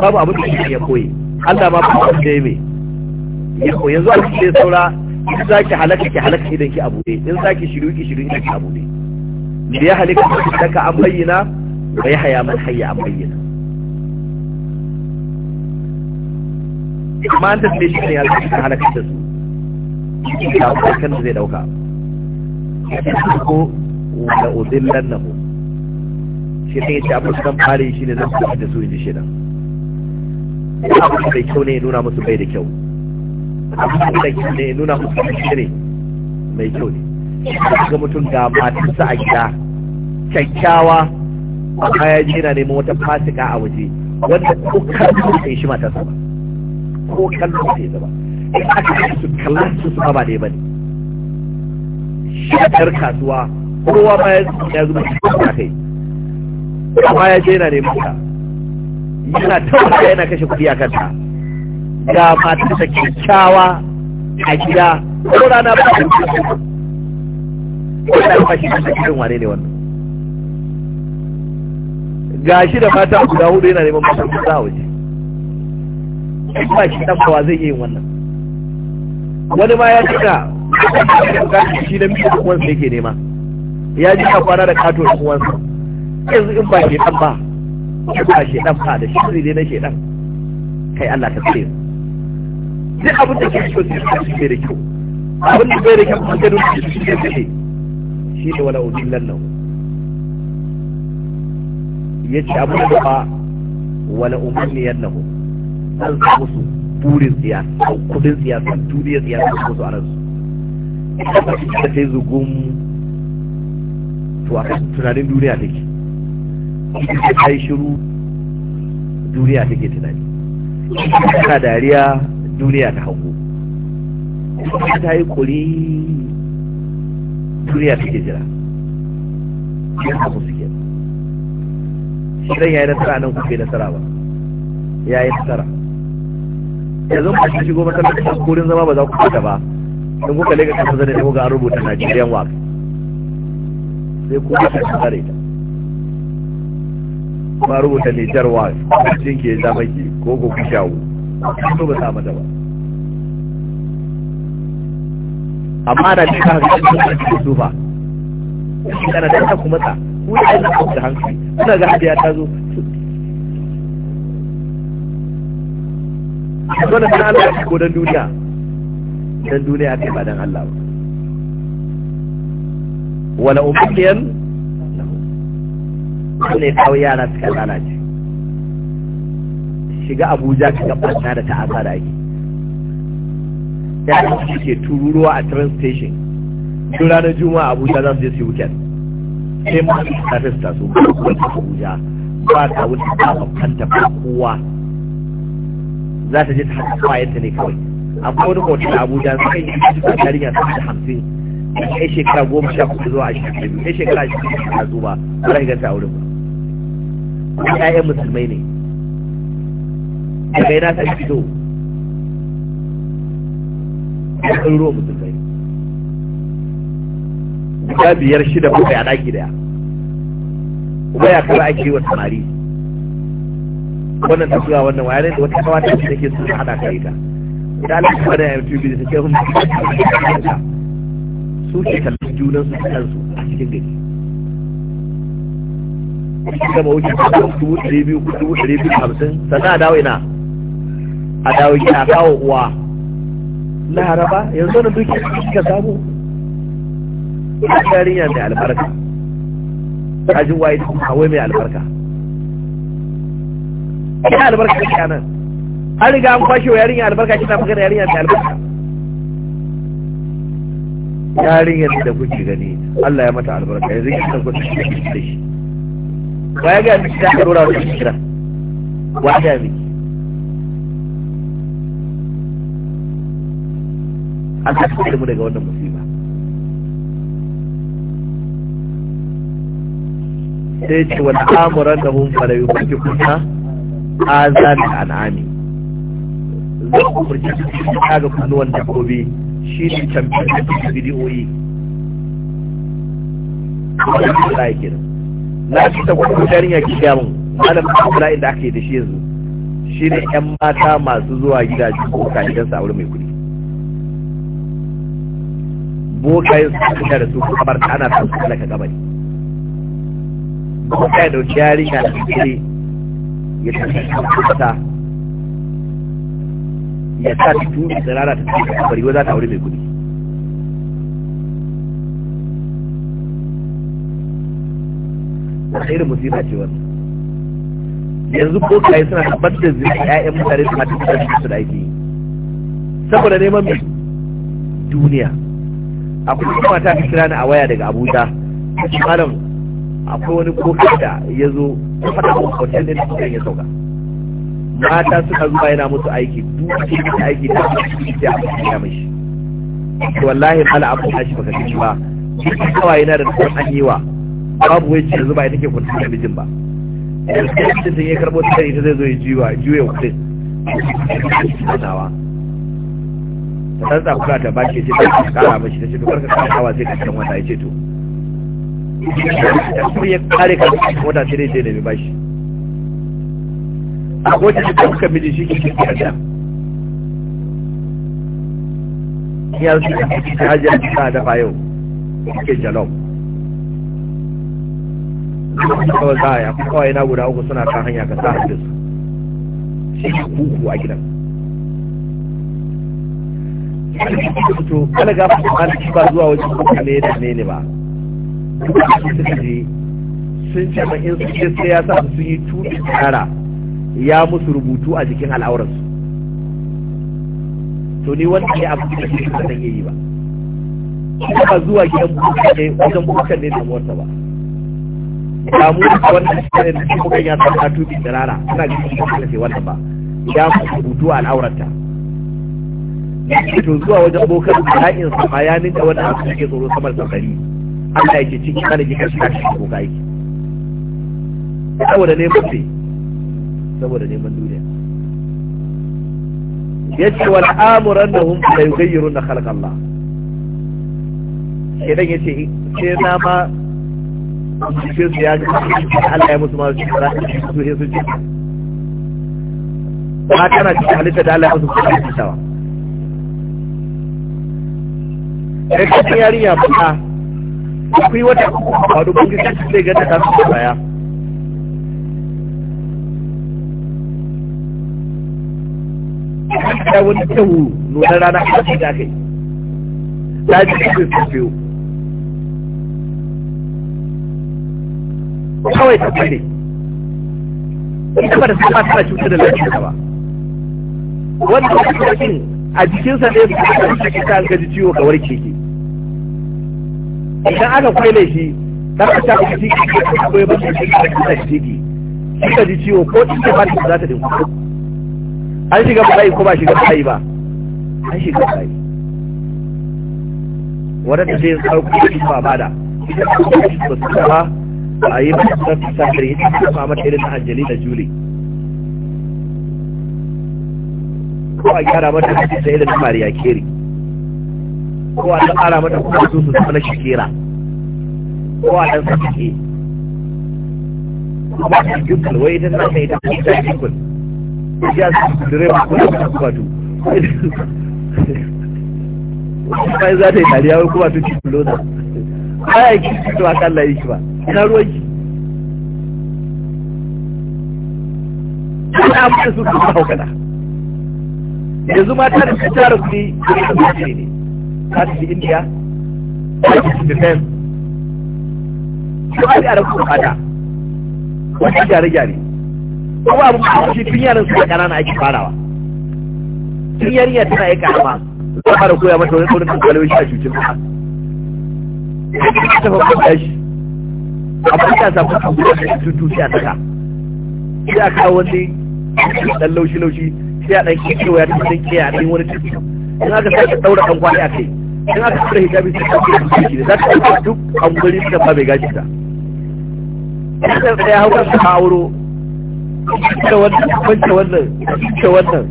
A: babu abu da ya koyi Allah ma ba da ya me ya koyi yanzu a cikin saura in za ki halaka ki halaka idan ki abu in za ki shiru ki shiru idan ki abu ne
D: da ya halaka daga
A: an bayyana wa ya haya man hayya an bayyana amma an tafi shi ne ya halaka ta halaka da su ya wuce kan da zai dauka ko wanda udillan nahu shi ne ta abu kan fare shi ne zan tafi da su in ji shi nan abu da kyau ne ya nuna musu bai da kyau abin da ke ne nuna musu ne mai kyau
B: ne ga
A: mutum da matarsa a gida kyakkyawa amma ya je yana neman wata fasika a waje wanda ko kallon sai shi matarsa ba ko kallon sai ta ba in aka yi su kallon su su ba dai ba ne shakar kasuwa kowa ma ya zuba shi a kai amma ya je yana neman ta yana tabbata yana kashe kuɗi a kanta
D: ga matarsa kyakkyawa a gida
A: ko rana ba ta ko da fashi ta cikin wane ne wannan Ga shi da mata guda hudu yana neman matan kusa a waje in ba shi dan bawa zai iya yin wannan wani ma ya cika shi na da uwansa yake nema ya ji ka kwana da kato da uwansa yanzu in ba shi dan ba ba shi dan ba da shi ne na shi dan kai Allah ka tsare duk abin da ke kyau sai ka shi bai da kyau abin da bai da kyau an gado sai shi ne shi ne wala lallau ya yace abin da ba wala umanni yannahu an sa musu burin siyasa kudin siyasa duniyar siyasa musu a ransu ita ba shi ta sai zugun tuwa kan tunanin duniya take ita ta yi shiru duniya ke tunani
B: ita tana
A: dariya duniya ta hagu kuma ta yi kuri duniya ke jira yin abu suke shirin ya yi nasara nan kuma bai nasara ba ya yi nasara yanzu ba shi shigo masallacin kurin zama ba za ku fita ba in kuka lega kasa zane ne kuka an rubuta Nigerian wax sai ku kuka tsare ta ba rubuta Niger wax cikin ke zama ki ko ku ku shawo ba sa mata ba amma da duka hankali da cikin sufa kana da ta kuma ta ku da ina da hankali kuna ga hadiya ta zo
D: yanzu da Allah ya ko dan duniya
A: dan duniya kai ba dan Allah ba wala ummiyan ne kawo yara suka lalace shiga abuja ka ta da ta'asa da ake yaran su ke tururuwa a train station duk ranar juma'a abuja za su je su yi weekend
B: sai ma su tafi
A: su taso ba su abuja ba ta wuce ta ta ba kowa za ta je ta haɗa kwayanta ne kawai akwai wani hoton a abuja sai yi su ka tarihin sama da hamsin ya shekara goma sha kuma zuwa ashirin da biyu ya shekara ashirin da ta zuba ba za ka ganta a wurin ba 'ya'yan musulmai ne daga yana ta fito a kan ruwa mutum kai guda biyar shida bakwai ya ɗaki daya kuma ya kara ake wa samari wannan tafiya wannan waya ne da wata kawa ta ce take sun hada ka idan da alaƙa da yamtu bi da take hun su ke kallon junan su kansu a cikin gari kuma wuce dubu ɗari biyu ko dubu ɗari biyu hamsin sannan a dawo ina a dawo gida kawo uwa laraba yanzu na duki suka samu a yarinya mai albarka a ji waye da kuma mai albarka ina albarka kake nan an riga an kwashe wa yarinya albarka kina magana yarinya mai albarka yarinyar da kuke gani Allah ya mata albarka yanzu ki san kudin da da shi
D: wa ya ga miki da rora wa
A: kira wa ga miki Allah ya da mu daga wannan musiba sai ce wani amuran da hun fara yi kuke kusa azan al'ami zan kumurci su kaga kunnuwan dabbobi shi ne camfin da su bidiyoyi na fi ta kwakwa sharin ya kiga mun malam kamfula inda aka yi da shi yanzu shi ne 'yan mata masu zuwa gidajen ko kashin sa wuri mai kudi bokayen su fita da su kamar ta ana su halaka gabari bokayen da wuce yarinya da kire ya tafi ta ya sa ta da rana ta tafi gabari wa za ta wuri mai kudi wata irin musiba ce wani yanzu kai suna tabbatar da zina ƴaƴan mutane suna tabbatar da su da aiki saboda neman duniya akwai kuma ta kira ni a waya daga abuja malam akwai wani kofi da ya zo ta faɗa mun hotel ɗin da ya sauka mata suka zuwa yana musu aiki duke da aiki da aiki a aiki da mashi wallahi mala abu na shi baka shi ba duk kawa yana da nufin an yi wa babu wai ce zuba ya take kwanci da mijin ba yanzu sai mutum ya karɓo ta ita zai zo ya juya juya kudin nawa ta tsatsa kuka ta ba ce ta ce kara shi ta ce dukkan ka kara hawa zai ka cikin wata ya ce to ta kuma ya kare ka cikin wata sai dai da mai bashi a kowace ce ta kuka miji shi ke cikin yarda ya su ka cikin hajjar da ta dafa yau ke jalom kawai za a yi kawai na guda uku suna kan hanya ka sa hajjar su shi kuku a gidan
B: to
A: ana gafa ba zuwa wajen da ne ba sun ce ma in su ce sai ya sa su yi ya musu rubutu a jikin al'aurarsu to ni wanda ne abu da ke da zan yi ba kuma ba zuwa gidan buka ne wajen buka ne da mota ba ya da wannan shi ne da bukan ya sa ta tuɗi tsara suna ganin ba ba ya musu rubutu a al'aurarta
B: to zuwa
A: wajen da bala'in sa ma ya ninka wani abu da ke tsoro samar da kari Allah yake ciki kana ki kashi kashi ko kai saboda neman ne saboda neman duniya yace wal amurannahum la yughayyiruna khalq Allah idan yace sai na ma cikin su ya ji Allah ya musu ma su kira su su ji ba kana cikin halitta da Allah ya musu kira su rikakken yarinya baka akwai wata faru bangi sai zai ta su baya ta wani kyau nuna rana a cikin da kai ta ji cikin su biyu kawai ta kare ita ba da sama tana cutar da lafiya ba wanda ta cikin a jikinsa ne su ke ta gaji ciwo ka warke ki idan aka kwaile shi dan ka ta ji ki ka koyi ba shi ka ji ki ka ji ciwo ko in ka fadi za ta dinku an shiga bala'i ko ba shiga bala'i ba an shiga bala'i wadanda zai sauko shi ba bada idan ka ji ba su ba a yi ba ta tsakar yi ta mata irin na da Jolie ko a gyara mata hajji sai da ya keri ko a tsara mata kuma su su na kera, ko a ɗan sake ba ta jinkul wai idan ita sai ta yi ta Ko ya su direba kuma ta kuma tu wani za ta yi tariya wai kuma tu cikin lota ba ya yi kisi ba kan layi shi ba ina ruwan ki ina abin su ka haukata yanzu ta da su tara da a da kudi ne Ta su ji indiya ta su ji su ba da arabu mata wani gyare-gyare kuma abu ba shi tun yaran su da ƙanana ake farawa tun yarinya tana yi ƙarama za a fara koya mata wani da kalwai shi a cutar ta ta fafa da shi amma ta samu da tutu shi a taka sai a kawo wani ɗan laushi-laushi sai a ɗan kewa ya tafi ɗan a ɗan wani tafi in aka sake ɗaura ɗan kwani a kai in aka ɗaura hijabi sai ɗaura za ɗaura duk an guri ta ba mai gashi ta
C: ita ɗaya hau kan ta
A: auro wannan kwanta wannan wannan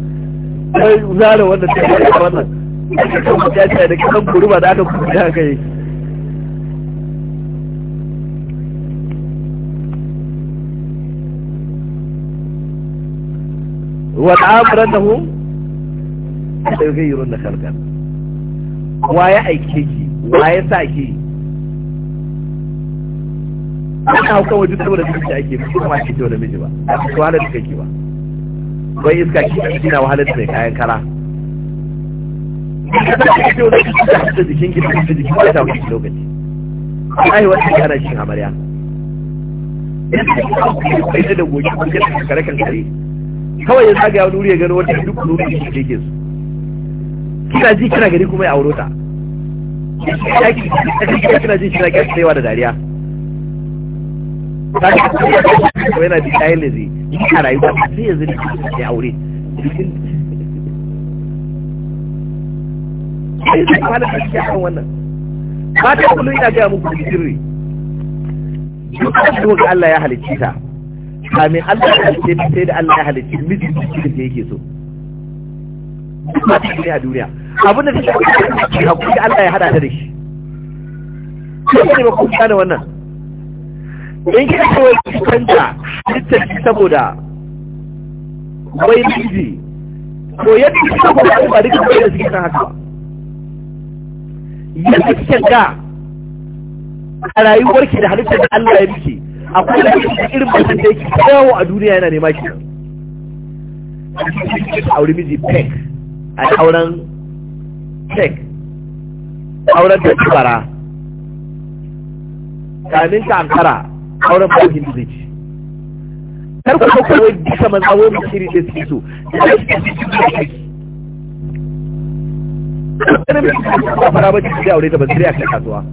A: zara wannan ta wannan ta ولآمرنهم حتى يغيرن wa ya aike ki ya sa ki ana hukun wajen saboda miji ake ba kuma ake da miji ba a cikin wahalar da kake ba bai iska ki a cikin wahalar da mai kayan kara
B: ce
A: da da da kare kawai ya zaga ya wuri ya gano wanda duk nuna da shi yake su kina ji kina gari kuma ya auro ta
B: kina ji kina gari tsayawa da
A: dariya ta ce kuma yana bi kayan da zai yi a rayuwa sai yanzu ne ya aure sai zai kwanar da shi a wannan. Ba ta kullum ina gaya muku da sirri duk da Allah ya halicci ta kamin Allah ya halice sai da Allah ya halice miji cikin da yake so ba ta ne a duniya abinda da take da hakuri Allah ya hada ta da shi Ko ne ba ku gane wannan in kika so ki canja halitta saboda wai miji ko yadda kika ga ba duka da suke kan haka yadda kika ga a rayuwarki da halittar da Allah ya miki akwai da irin mutum da yake yawo a duniya yana nema shi aure miji pek a auren pek auren da kibara kamin ta ankara auren bakin da kar ku kawai wai bisa shiri suke da su ke aure kasuwa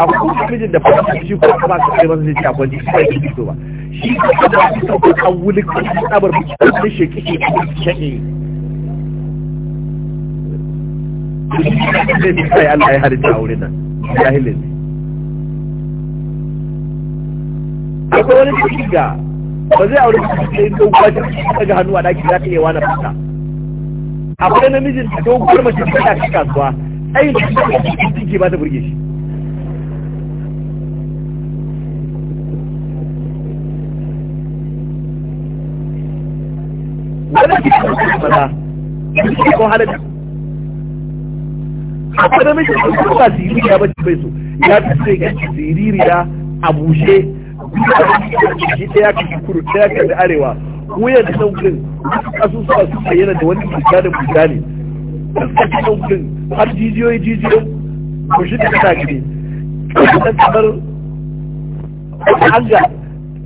A: abu namijin da fara shi ko aka ba ka kai masa zai ci abinci shi kai
B: shi ba shi ka ba shi ka ba an wuli ka tsabar da sheki shi sheki
A: zai ji kai Allah ya halitta a wurin nan jahilin ne akwai wani cikin ga ba zai aure ka sai dogon ta daga hannu a daki za ta iya wani fata akwai namijin dogon mace ta kasuwa ai da shi ke ba ta burge shi
B: wani ke da maza
A: ko da mace ko ba siriri ya bace bai so ya fi sai ga siriri da a bushe shi ɗaya ka kuru ɗaya ka da arewa wuyan da sauƙin ƙasusuwa su yana da wani cuta da cuta ne ƙasashen sauƙin har jijiyoyi jijiyoyi ko shi da ta gidi ɗan kamar an ga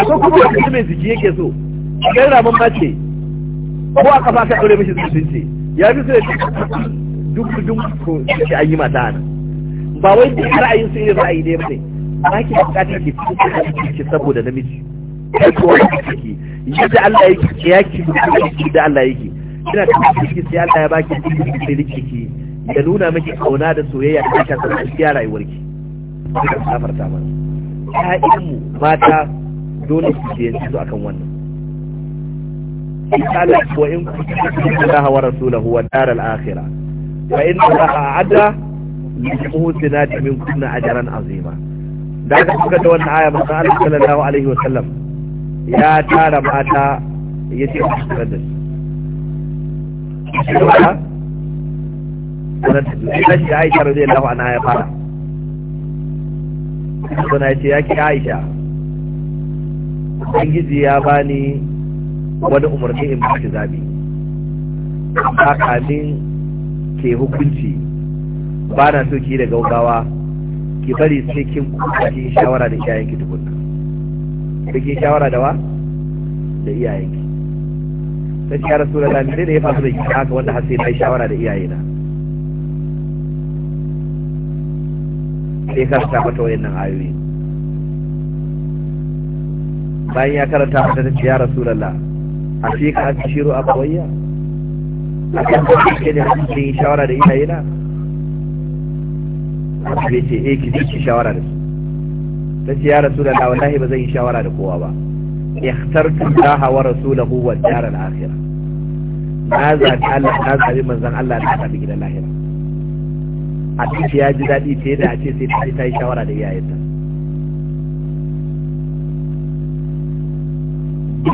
A: akwai kuma wanda mai jiki yake so idan ramin mace ko a ba ka ɗaure mishi zuciyarci ya fi so ya duk duk ko shi an yi mata ana ba wai duk ra'ayin su ne ra'ayi ne bane ba ki bukatar ki cikin ki saboda namiji Ya ko wani ciki yadda Allah yake ya ki bukatar da Allah yake kina cikin ciki sai Allah ya baki ciki sai ciki. ya nuna miki kauna da soyayya ta ta sanar da rayuwarki. Ina safarta mana. Ya'yan mu mata dole su biyanci su akan wannan قال وإن
B: كنتم الله
A: ورسوله والدار الآخرة فإن الله أعد للمحسنات منكن أجرا عظيما da aka suka da wannan aya masu Allah sallallahu alaihi wa ya tara mata ya ce cikin da su shi mata ya ya Aisha ubangiji ya bani wani umarni in baki zabi amma ke hukunci ba na so ki da gaugawa ki bari sai kin kuka kin shawara da iyayenki tukunna sai kin shawara da wa da iyayenki ta ce ya rasu da lamini da ya fasu da ki haka wanda har sai na shawara da iyayena sai ka sa mata wayannan ayoyi bayan ya karanta a ta ce ya lalla a fi ka haka shiru a kawaiya a kan da ke da hannun shawara da ina yana a bai ce eh ki zai ki shawara da su ta ce ya rasu rasulallah wallahi ba zan yi shawara da kowa ba ikhtartu Allah wa rasulahu wa dar al-akhirah
C: na zaɓi Allah na zaɓi
A: manzon Allah na zabi gidan lahira a cikin ya ji daɗi ce da a ce sai ta yi shawara da iyayenta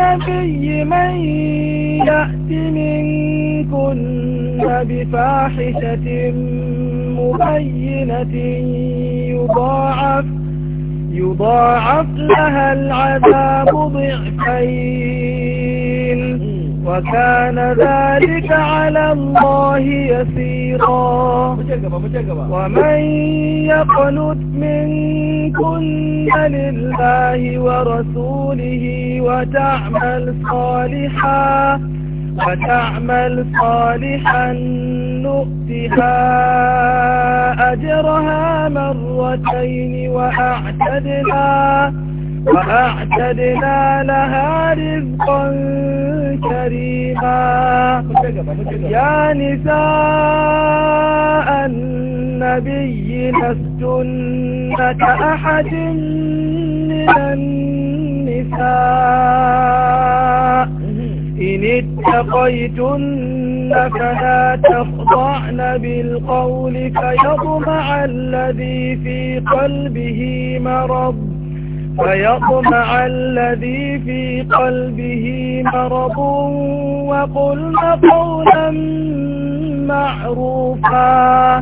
D: النبي من يأت منكن بفاحشة مبينة يضاعف يضاعف لها العذاب ضعفين وكان ذلك على الله يسيرا ومن يقنت منكن لله ورسوله وتعمل صالحا وتعمل صالحا نؤتها أجرها مرتين وأعتدنا وأعتدنا لها رزقا كريما يا نساء النبي لستن كأحد من النساء إن اتقيتن فلا تخضعن بالقول فيطمع الذي في قلبه مرض فيطمع الذي في قلبه مرض وقلنا قولا معروفا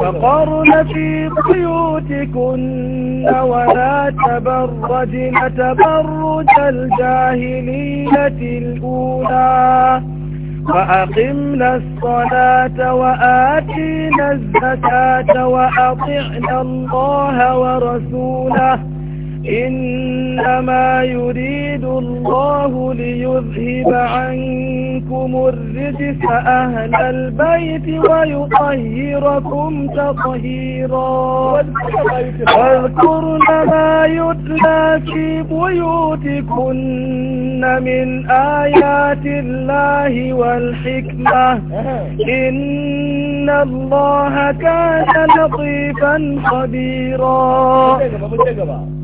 D: فقرن في بيوتكن ولا تبرجن تبرج الجاهلية الأولى وأقمنا الصلاة وآتينا الزكاة وأطعنا الله ورسوله إنما يريد الله ليذهب عنكم الرجس أهل البيت ويطهركم تطهيرا واذكرن ما يتلى في بيوتكن من آيات الله والحكمة إن الله كان لطيفا خبيرا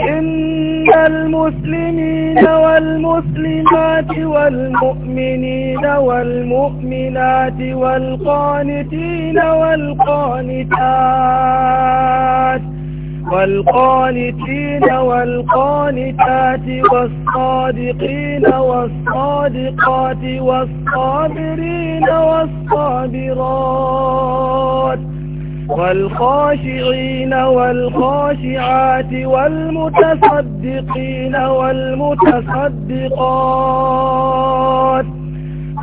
D: إن المسلمين والمسلمات والمؤمنين والمؤمنات والقانتين والقانتات والقانتين والقانتات والصادقين والصادقات والصابرين والصابرات والخاشعين والخاشعات والمتصدقين والمتصدقات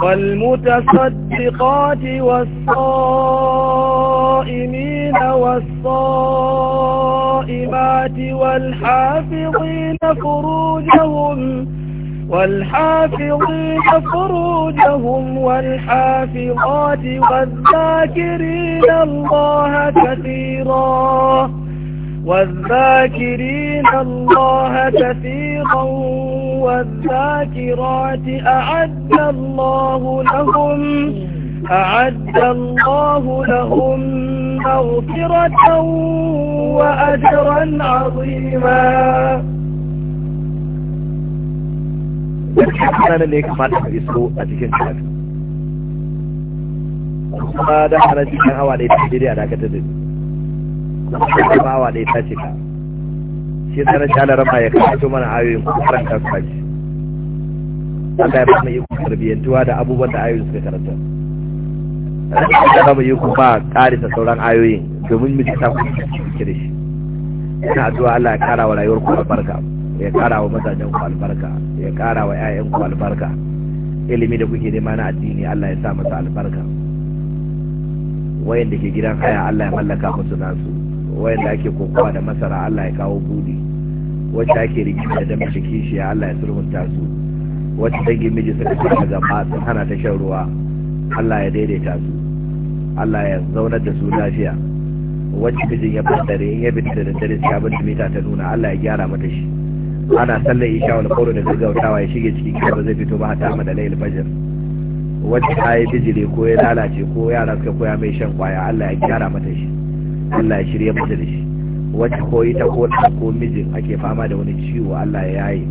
D: والمتصدقات والصائمين والصائمات والحافظين فروجهم والحافظين فروجهم والحافظات والذاكرين الله كثيرا والذاكرين الله كثيرا والذاكرات أعد الله لهم أعد الله لهم مغفرة وأجرا عظيما
A: ranar ne kamata ka iso a cikin karatu kuma da hana cikin hawa ɗaya ta daidai a dakatar da kuma hawa ɗaya ta cika shi tsarin shalar rama ya kama karanto mana ayoyin kuma karanta su haji Allah ya bamu iko tarbiyyantuwa da abubuwan da ayoyin suka karanta Allah ya bamu iko ba ƙarisa sauran ayoyin domin mu ta kuma da shi ina addu'a Allah ya kara wa rayuwar ku albarka ya kara wa mazajen ku albarka ya kara wa 'ya'yan ku albarka ilimi da kuke nema na addini Allah ya sa masa albarka wayanda ke gidan haya Allah ya mallaka musu nasu wayanda ake kokowa da masara Allah ya kawo budi wacce ake rigima da damar kishiya Allah ya sulhunta su wacce dangin miji suka ci gaba sun hana ta shan ruwa Allah ya daidaita su Allah ya zaunar da su lafiya wacce mijin ya bandare in ya bi da daddare sai abin da mita ta nuna Allah ya gyara mata shi ana sallar isha wani qawlu da gaggautawa ya shige cikin kaba zai fito ba ta da layil fajr wacce ta yi bijire ko ya lalace ko yara suka koya mai shan kwaya Allah ya gyara mata shi Allah ya shirya mata da shi wacce koyi ta ko ko mijin ake fama da wani ciwo Allah ya yaye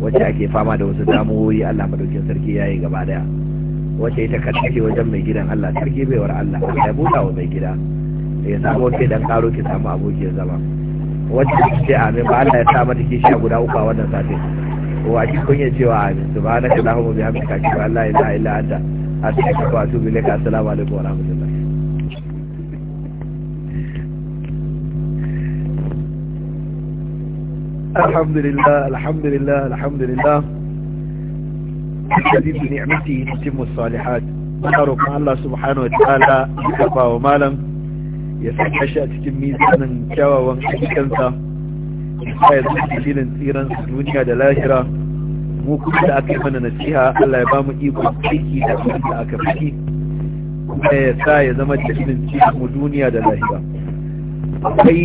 A: wacce ake fama da wasu damuwoyi Allah madaukin sarki ya yi gaba daya wacce ita take wajen mai gidan Allah sarki baiwar Allah Allah ya buɗa wa mai gida ya samu wacce dan karo ki samu abokiyar zama wacce ce amin ba Allah ya sa mata kishiya guda uku a wannan sati wa ji kunya cewa amin subhanaka allahumma bihamdika ashhadu an la ilaha illa anta astaghfiruka wa atubu ilaik assalamu alaikum wa rahmatullahi الحمد لله الحمد لله الحمد لله شديد نعمته تتم الصالحات نروك الله سبحانه وتعالى يكفى ومالا ya saka shi a cikin mizanin kyawawan ayyukansa ya ya zama dalilin tsiransa duniya da lahira mu kuma da aka yi mana nasiha Allah ya ba mu ikon ciki da abin da aka fi kuma ya sa ya zama dalilin tsiranmu duniya da lahira akwai